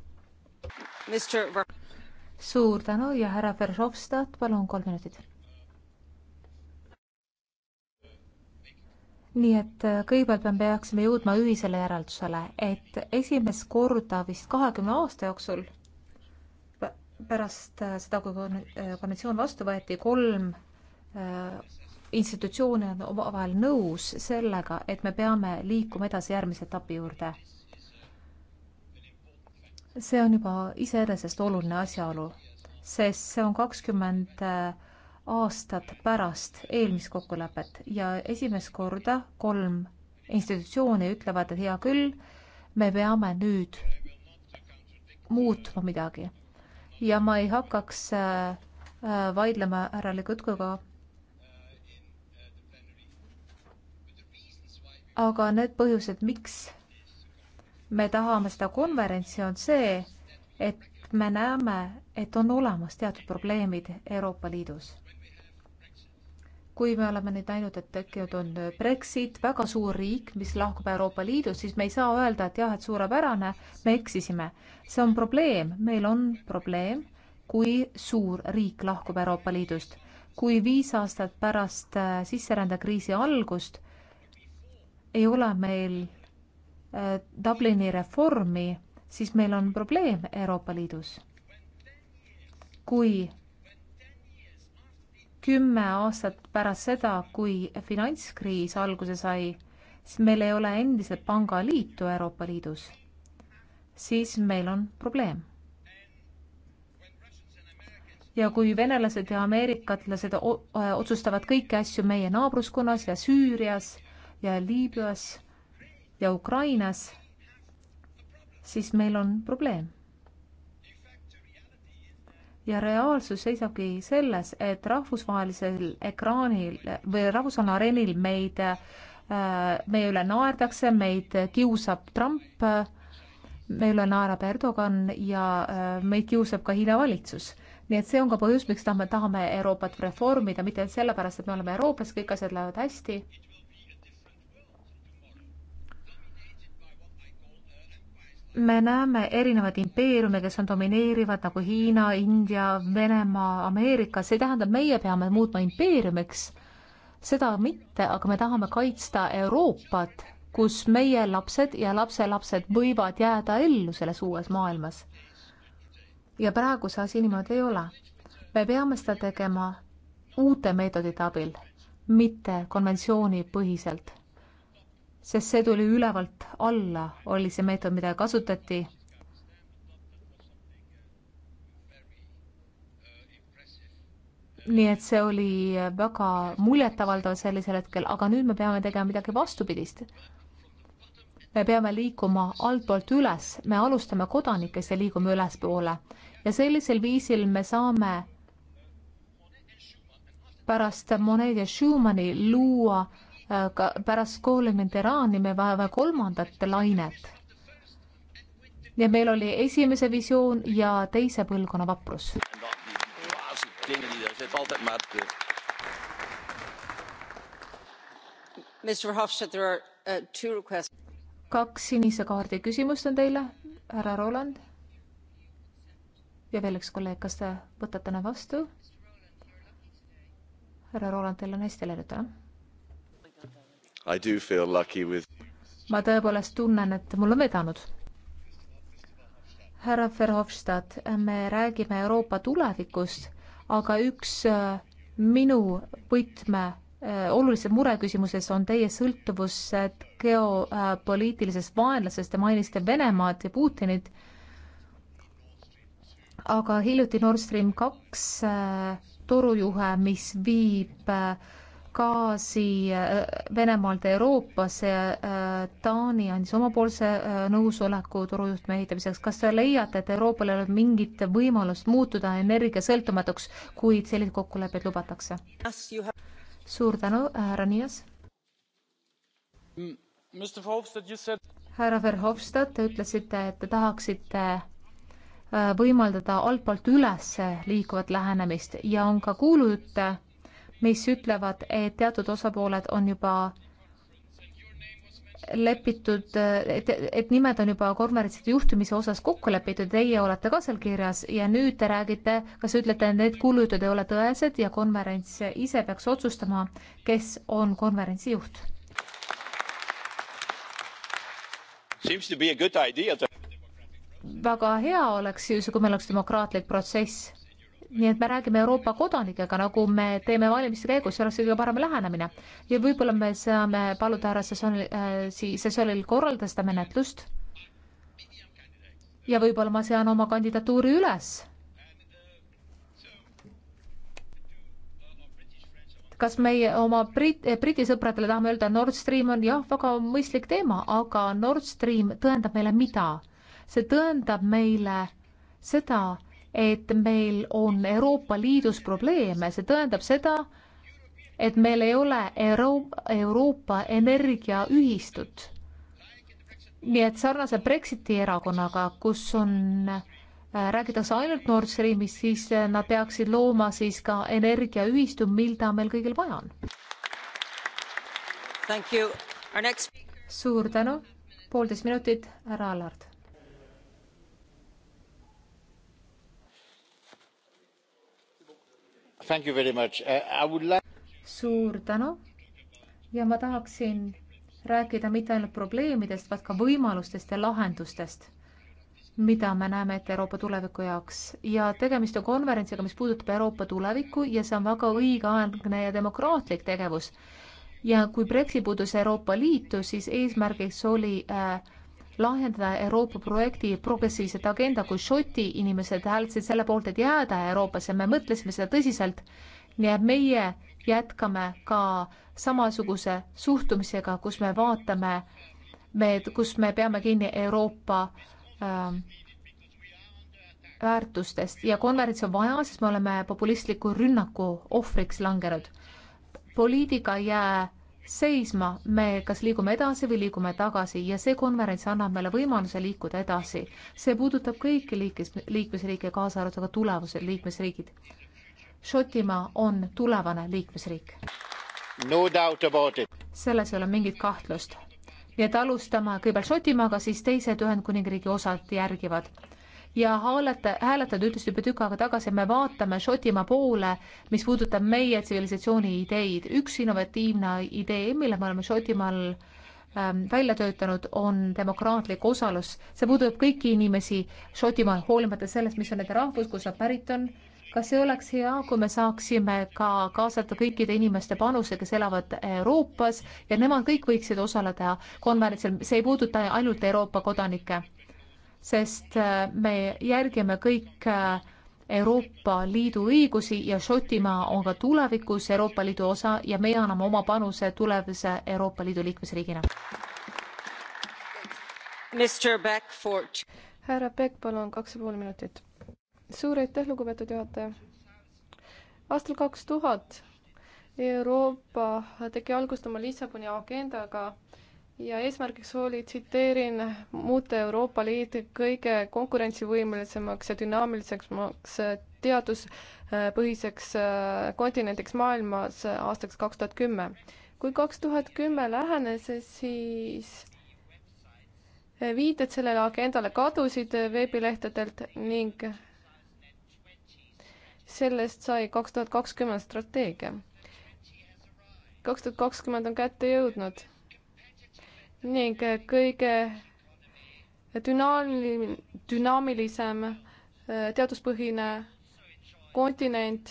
suur tänu ja härra Verhofstadt, palun kolm minutit. nii et äh, kõigepealt me peaksime jõudma ühisele järeldusele, et esimest korda vist kahekümne aasta jooksul pärast seda, kui konventsioon vastu võeti, kolm institutsioone on omavahel nõus sellega, et me peame liikuma edasi järgmise etapi juurde. see on juba iseenesest oluline asjaolu, sest see on kakskümmend äh, aastat pärast eelmist kokkulepet ja esimest korda kolm institutsiooni ütlevad, et hea küll, me peame nüüd muutma midagi. ja ma ei hakkaks äh, äh, vaidlema härra Legutkoga aga need põhjused, miks me tahame seda konverentsi, on see, et me näeme, et on olemas teatud probleemid Euroopa Liidus. kui me oleme nüüd näinud, et tekkinud on Brexit, väga suur riik, mis lahkub Euroopa Liidust, siis me ei saa öelda, et jah, et suurepärane, me eksisime. see on probleem, meil on probleem, kui suur riik lahkub Euroopa Liidust. kui viis aastat pärast äh, sisserändekriisi algust ei ole meil äh, Dublini reformi, siis meil on probleem Euroopa Liidus. kui kümme aastat pärast seda, kui finantskriis alguse sai, siis meil ei ole endiselt pangaliitu Euroopa Liidus, siis meil on probleem. ja kui venelased ja ameerikatlased äh, otsustavad kõiki asju meie naabruskonnas ja Süürias ja Liibüas ja Ukrainas, siis meil on probleem. ja reaalsus seisabki selles, et rahvusvahelisel ekraanil või rahvusvahelisel areenil meid, äh, meie üle naerdakse, meid kiusab Trump, meie üle naerab Erdogan ja äh, meid kiusab ka Hiina valitsus nii et see on ka põhjus, miks tahame, tahame Euroopat reformida, mitte sellepärast, et me oleme eurooplased, kõik asjad lähevad hästi, me näeme erinevaid impeeriume, kes on domineerivad nagu Hiina, India, Venemaa, Ameerika, see tähendab, meie peame muutma impeeriumiks. seda mitte, aga me tahame kaitsta Euroopat, kus meie lapsed ja lapselapsed võivad jääda ellu selles uues maailmas. ja praegu see asi niimoodi ei ole. me peame seda tegema uute meetodite abil, mitte konventsioonipõhiselt sest see tuli ülevalt alla, oli see meetod, mida kasutati. nii et see oli väga muljetavaldav sellisel hetkel, aga nüüd me peame tegema midagi vastupidist. me peame liikuma altpoolt üles, me alustame kodanikest ja liigume ülespoole ja sellisel viisil me saame pärast Monet ja Schumanni luua ka pärast Skolemenderaani me vajame kolmandat lainet. ja meil oli esimese visioon ja teise põlvkonna vaprus. Uh, kaks sinise kaardi küsimust on teile, härra Roland. ja veel üks kolleeg, kas te võtate nad vastu? härra Roland, teil on hästi läinud, jah? With... ma tõepoolest tunnen, et mul on vedanud. härra Verhofstadt, me räägime Euroopa tulevikust, aga üks äh, minu võtme äh, olulises mureküsimuses on teie sõltuvused geopoliitilisest vaenlasest, te mainisite Venemaad ja Putinit, aga hiljuti Nord Stream kaks äh, torujuhe, mis viib äh, gaasi äh, Venemaalt Euroopasse. Äh, Taani andis omapoolse äh, nõusoleku torujuhtme ehitamiseks. kas te leiate, et Euroopal ei ole mingit võimalust muutuda energiasõltumatuks, kuid selliseid kokkuleppeid lubatakse? suur tänu, härra Nias. härra Verhofstadt, te ütlesite, et te tahaksite võimaldada altpoolt üles liikuvat lähenemist ja on ka kuulujutte mis ütlevad, et teatud osapooled on juba lepitud, et, et nimed on juba korvmeritsete juhtimise osas kokku lepitud, teie olete ka seal kirjas ja nüüd te räägite, kas ütlete, et need kulutud ei ole tõesed ja konverents ise peaks otsustama, kes on konverentsi juht? väga hea oleks siis, kui meil oleks demokraatlik protsess nii et me räägime Euroopa kodanikega, nagu me teeme valimiste käigus, see oleks kõige parem lähenemine. ja võib-olla me saame paluda härra Sessoonil äh,, siis Sessoonil korraldada seda menetlust. ja võib-olla ma sean oma kandidatuuri üles. kas meie oma Brit-, eh, Briti sõpradele tahame öelda, Nord Stream on jah, väga mõistlik teema, aga Nord Stream tõendab meile mida? see tõendab meile seda, et meil on Euroopa Liidus probleeme, see tõendab seda, et meil ei ole Euro Euroopa energiaühistut. nii et sarnase Brexiti erakonnaga, kus on äh, räägitakse ainult Nord Streamist, siis äh, nad peaksid looma siis ka energiaühistu, mida meil kõigil vaja on. Next... suur tänu, poolteist minutit, härra Allard. Uh, like... suur tänu ja ma tahaksin rääkida mitte ainult probleemidest, vaid ka võimalustest ja lahendustest, mida me näeme ette Euroopa tuleviku jaoks. ja tegemist on konverentsiga, mis puudutab Euroopa tulevikku ja see on väga õigeaegne ja demokraatlik tegevus. ja kui Brexit puudus Euroopa Liitu, siis eesmärgiks oli äh, lahendada Euroopa projekti progressiivset agenda, kui Šoti inimesed hääletasid selle poolt, et jääda Euroopasse, me mõtlesime seda tõsiselt. nii et meie jätkame ka samasuguse suhtumisega, kus me vaatame, me, kus me peame kinni Euroopa äh, väärtustest ja konverentsi on vaja, sest me oleme populistliku rünnaku ohvriks langenud. poliitika ei jää seisma, me kas liigume edasi või liigume tagasi ja see konverents annab meile võimaluse liikuda edasi. see puudutab kõiki liikmes, liikmesriike, kaasa arvatud ka tulevased liikmesriigid. Šotimaa on tulevane liikmesriik no. selles ei ole mingit kahtlust. nii et alustame kõigepealt Šotimaaga, siis teised Ühendkuningriigi osad järgivad ja haaleta, hääletajad ütlesid juba tükk aega tagasi, me vaatame Šotimaa poole, mis puudutab meie tsivilisatsiooni ideid. üks innovatiivne idee, mille me oleme Šotimaal ähm, välja töötanud, on demokraatlik osalus. see puudutab kõiki inimesi Šotimaal, hoolimata sellest, mis on nende rahvus, kust nad pärit on. kas ei oleks hea, kui me saaksime ka kaasata kõikide inimeste panuse, kes elavad Euroopas ja nemad kõik võiksid osaleda konverentsil, see ei puuduta ainult Euroopa kodanikke sest äh, me järgime kõik äh, Euroopa Liidu õigusi ja Šotimaa on ka tulevikus Euroopa Liidu osa ja meie anname oma panuse tulevase Euroopa Liidu liikmesriigina. härra Beck, palun kaks ja pool minutit. suur aitäh, lugupeetud juhataja. aastal kaks tuhat Euroopa tegi algust oma Lissaboni agendaga ja eesmärgiks oli, tsiteerin, muuta Euroopa Liit kõige konkurentsivõimelisemaks ja dünaamilisemaks äh, teaduspõhiseks äh, kontinendiks maailmas äh, aastaks kaks tuhat kümme. kui kaks tuhat kümme lähenes, siis viited sellele agendale kadusid veebilehtedelt ning sellest sai kaks tuhat kakskümmend strateegia. kaks tuhat kakskümmend on kätte jõudnud ning kõige dünaamiline, dünaamilisem äh, teaduspõhine kontinent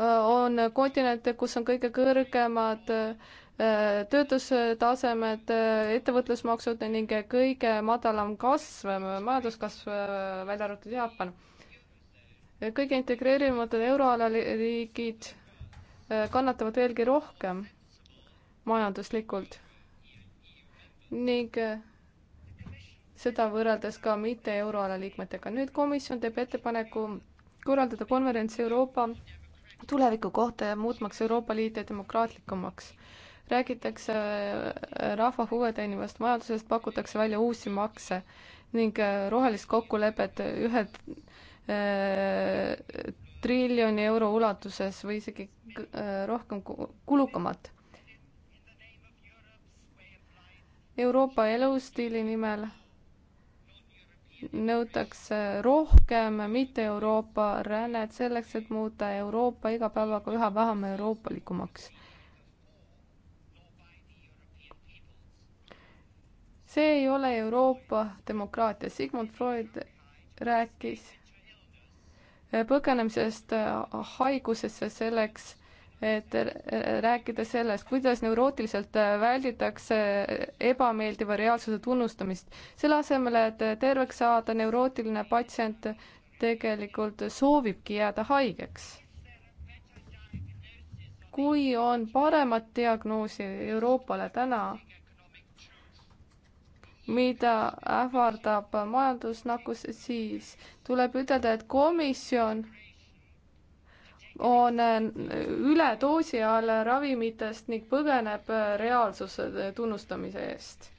on kontinent, kus on kõige kõrgemad äh, töötustasemed, äh, ettevõtlusmaksud ning kõige madalam kasv, majanduskasv, välja arvatud Jaapan. kõige integreerimata euroala riigid Äh, kannatavad veelgi rohkem majanduslikult ning äh, seda võrreldes ka mitte euroala liikmetega. nüüd komisjon teeb ettepaneku korraldada konverents Euroopa tuleviku kohta ja muutmaks Euroopa Liite demokraatlikumaks. räägitakse äh, rahva huve teenivast majandusest, pakutakse välja uusi makse ning rohelist kokkulepet ühe triljoni euro ulatuses või isegi äh, rohkem kulukamat. Euroopa elustiili nimel nõutakse rohkem mitte Euroopa rännet selleks, et muuta Euroopa iga päevaga üha vähem euroopalikumaks. see ei ole Euroopa demokraatia, Sigmund Freud rääkis põgenemisest äh, haigusesse selleks, et rääkida sellest, kuidas neurootiliselt äh, välditakse äh, ebameeldiva reaalsuse tunnustamist. selle asemel, et terveks saada, neurootiline patsient tegelikult soovibki jääda haigeks. kui on paremat diagnoosi Euroopale täna, mida ähvardab majandusnakkus, siis tuleb ütelda, et komisjon on äh, üledoosi all ravimitest ning põgeneb äh, reaalsuse äh, tunnustamise eest.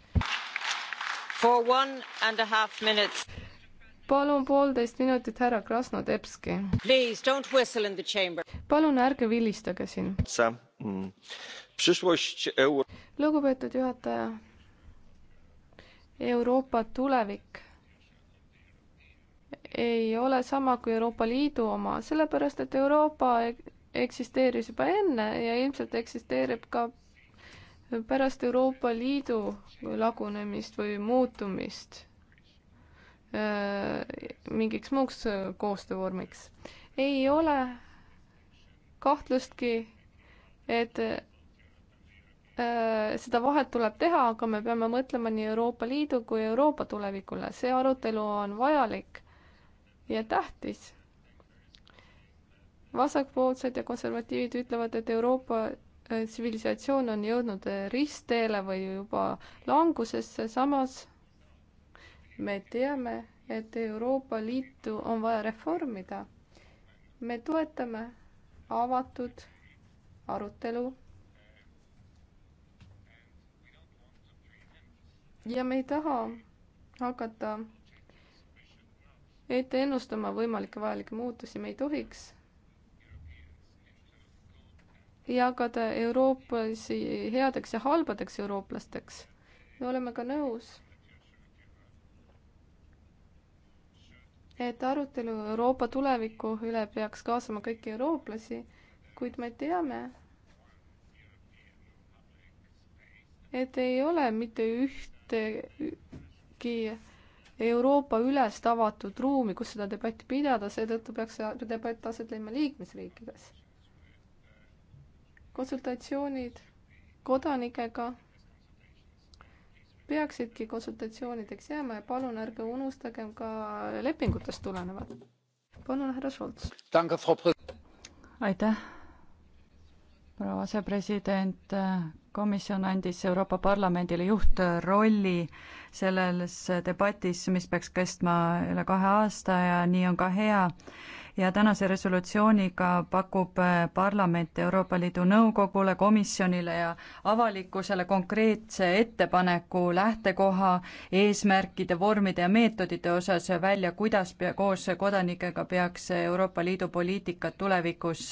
palun poolteist minutit, härra Krasnodebski. palun ärge vilistage siin. Mm, lugupeetud juhataja Euroopa tulevik ei ole sama kui Euroopa Liidu oma, sellepärast et Euroopa e-, eksisteeris juba enne ja ilmselt eksisteerib ka pärast Euroopa Liidu lagunemist või muutumist äh, mingiks muuks koostöövormiks. ei ole kahtlustki, et Äh, seda vahet tuleb teha, aga me peame mõtlema nii Euroopa Liidu kui Euroopa tulevikule, see arutelu on vajalik ja tähtis. vasakpoolsed ja konservatiivid ütlevad, et Euroopa äh, tsivilisatsioon on jõudnud ristteele või juba langusesse, samas me teame, et Euroopa Liitu on vaja reformida. me toetame avatud arutelu ja me ei taha hakata ette ennustama võimalikke vajalikke muutusi, me ei tohiks jagada eurooplasi headeks ja halbadeks eurooplasteks. me oleme ka nõus, et arutelu Euroopa tuleviku üle peaks kaasama kõiki eurooplasi, kuid me teame, et ei ole mitte üht ühtegi Euroopa ülest avatud ruumi, kus seda debatti pidada, seetõttu peaks see debatt aset leidma liikmesriikides. konsultatsioonid kodanikega peaksidki konsultatsioonideks jääma ja palun ärge unustagem ka lepingutest tulenevat. palun, härra Šolts. aitäh, proua asepresident, komisjon andis Euroopa Parlamendile juhtrolli selles debatis, mis peaks kestma üle kahe aasta ja nii on ka hea. ja tänase resolutsiooniga pakub parlament Euroopa Liidu Nõukogule, komisjonile ja avalikkusele konkreetse ettepaneku lähtekoha, eesmärkide, vormide ja meetodite osas välja, kuidas pea, koos kodanikega peaks Euroopa Liidu poliitikat tulevikus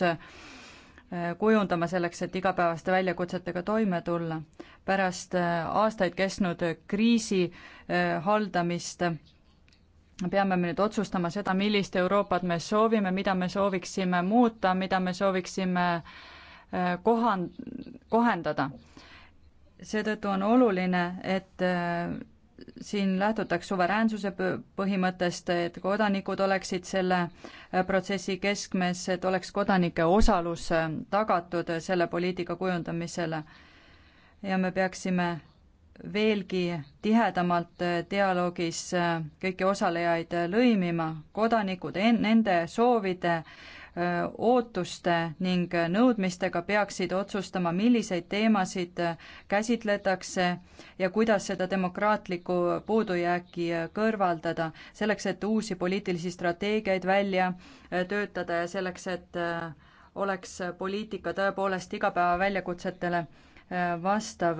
kujundama selleks, et igapäevaste väljakutsetega toime tulla. pärast äh, aastaid kestnud äh, kriisi äh, haldamist peame me nüüd otsustama seda, millist Euroopat me soovime, mida me sooviksime muuta, mida me sooviksime kohan-, kohendada. seetõttu on oluline, et siin lähtutaks suveräänsuse põhimõttest, et kodanikud oleksid selle äh, protsessi keskmes, et oleks kodanike osalus äh, tagatud äh, selle poliitika kujundamisele. ja me peaksime veelgi tihedamalt dialoogis kõiki osalejaid lõimima, kodanikud en-, nende soovide ootuste ning nõudmistega peaksid otsustama, milliseid teemasid käsitletakse ja kuidas seda demokraatlikku puudujääki kõrvaldada, selleks et uusi poliitilisi strateegiaid välja töötada ja selleks, et oleks poliitika tõepoolest igapäeva väljakutsetele vastav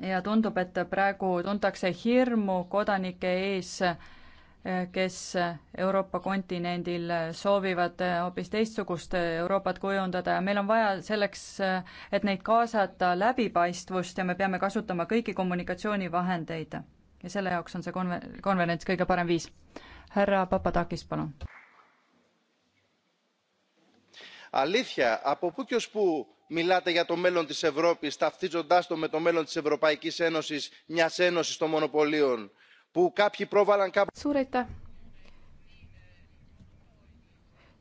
ja tundub, et praegu tuntakse hirmu kodanike ees kes Euroopa kontinendil soovivad hoopis teistsugust Euroopat kujundada ja meil on vaja selleks, et neid kaasata, läbipaistvust ja me peame kasutama kõiki kommunikatsioonivahendeid. ja selle jaoks on see konver-, konverents kõige parem viis. härra Papadakis, palun. Αλήθεια, από πού και ως πού μιλάτε για το μέλλον της Ευρώπης, ταυτίζοντάς το με το μέλλον της Ευρωπαϊκής Ένωσης, μιας ένωσης των μονοπωλίων suur aitäh!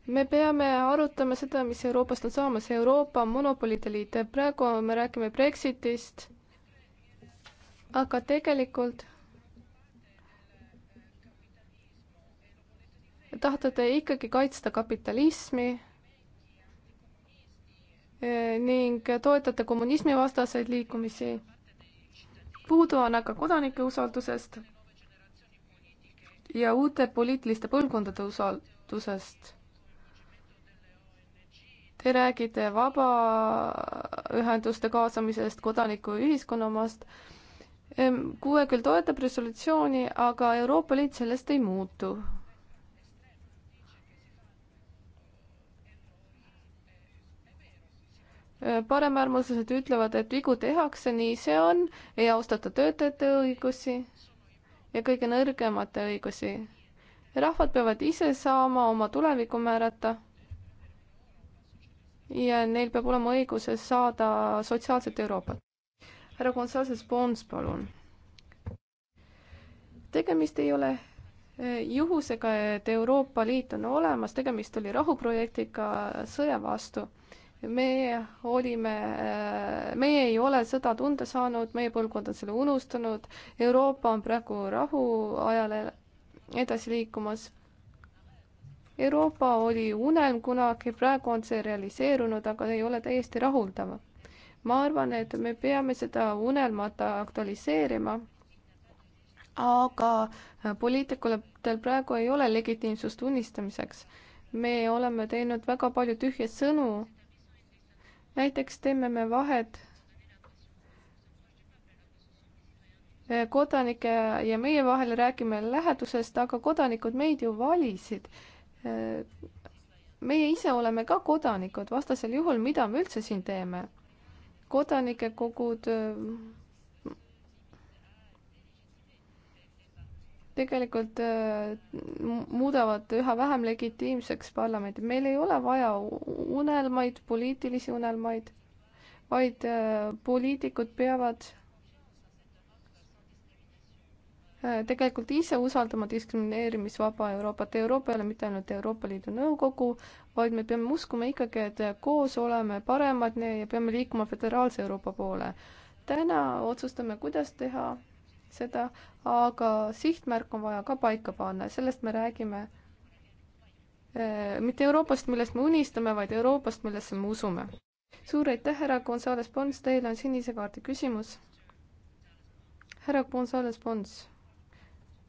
me peame arutama seda, mis Euroopast on saamas, Euroopa on monopolide liit, praegu me räägime Brexitist, aga tegelikult tahate te ikkagi kaitsta kapitalismi eh, ning toetate kommunismi vastaseid liikumisi. puudu on aga kodanike usaldusest ja uute poliitiliste põlvkondade usaldusest. Te räägite vabaühenduste kaasamisest, kodanikuühiskonna omast. kuue küll toetab resolutsiooni, aga Euroopa Liit sellest ei muutu. paremäärmuslased ütlevad, et vigu tehakse, nii see on, ei austata töötajate õigusi ja kõige nõrgemate õigusi. rahvad peavad ise saama oma tulevikku määrata ja neil peab olema õigus saada sotsiaalset Euroopat. härra Gonzalez Pons, palun. tegemist ei ole eh, juhusega, et Euroopa Liit on olemas, tegemist oli rahuprojektiga sõja vastu me olime, äh, meie ei ole sõda tunda saanud, meie põlvkond on selle unustanud, Euroopa on praegu rahuajale edasi liikumas. Euroopa oli unelm kunagi, praegu on see realiseerunud, aga ei ole täiesti rahuldav. ma arvan, et me peame seda unelmat aktualiseerima, aga äh, poliitikutel praegu ei ole legitiimsust unistamiseks. me oleme teinud väga palju tühje sõnu näiteks teeme me vahet eh, kodanike ja meie vahel räägime lähedusest, aga kodanikud meid ju valisid. Eh, meie ise oleme ka kodanikud, vastasel juhul, mida me üldse siin teeme? kodanike kogud eh, tegelikult äh, muudavad üha vähem legitiimseks parlamendi. meil ei ole vaja unelmaid, poliitilisi unelmaid, vaid äh, poliitikud peavad äh, tegelikult ise usaldama diskrimineerimisvaba Euroopat. Euroopa ei ole mitte ainult Euroopa Liidu Nõukogu, vaid me peame uskuma ikkagi, et koos oleme paremad ja peame liikuma föderaalse Euroopa poole. täna otsustame, kuidas teha seda, aga sihtmärk on vaja ka paika panna ja sellest me räägime eh, mitte Euroopast, millest me unistame, vaid Euroopast, millesse me usume. suur aitäh, härra Gonzales Pons, teile on sinise kaardi küsimus. härra Gonzales Pons.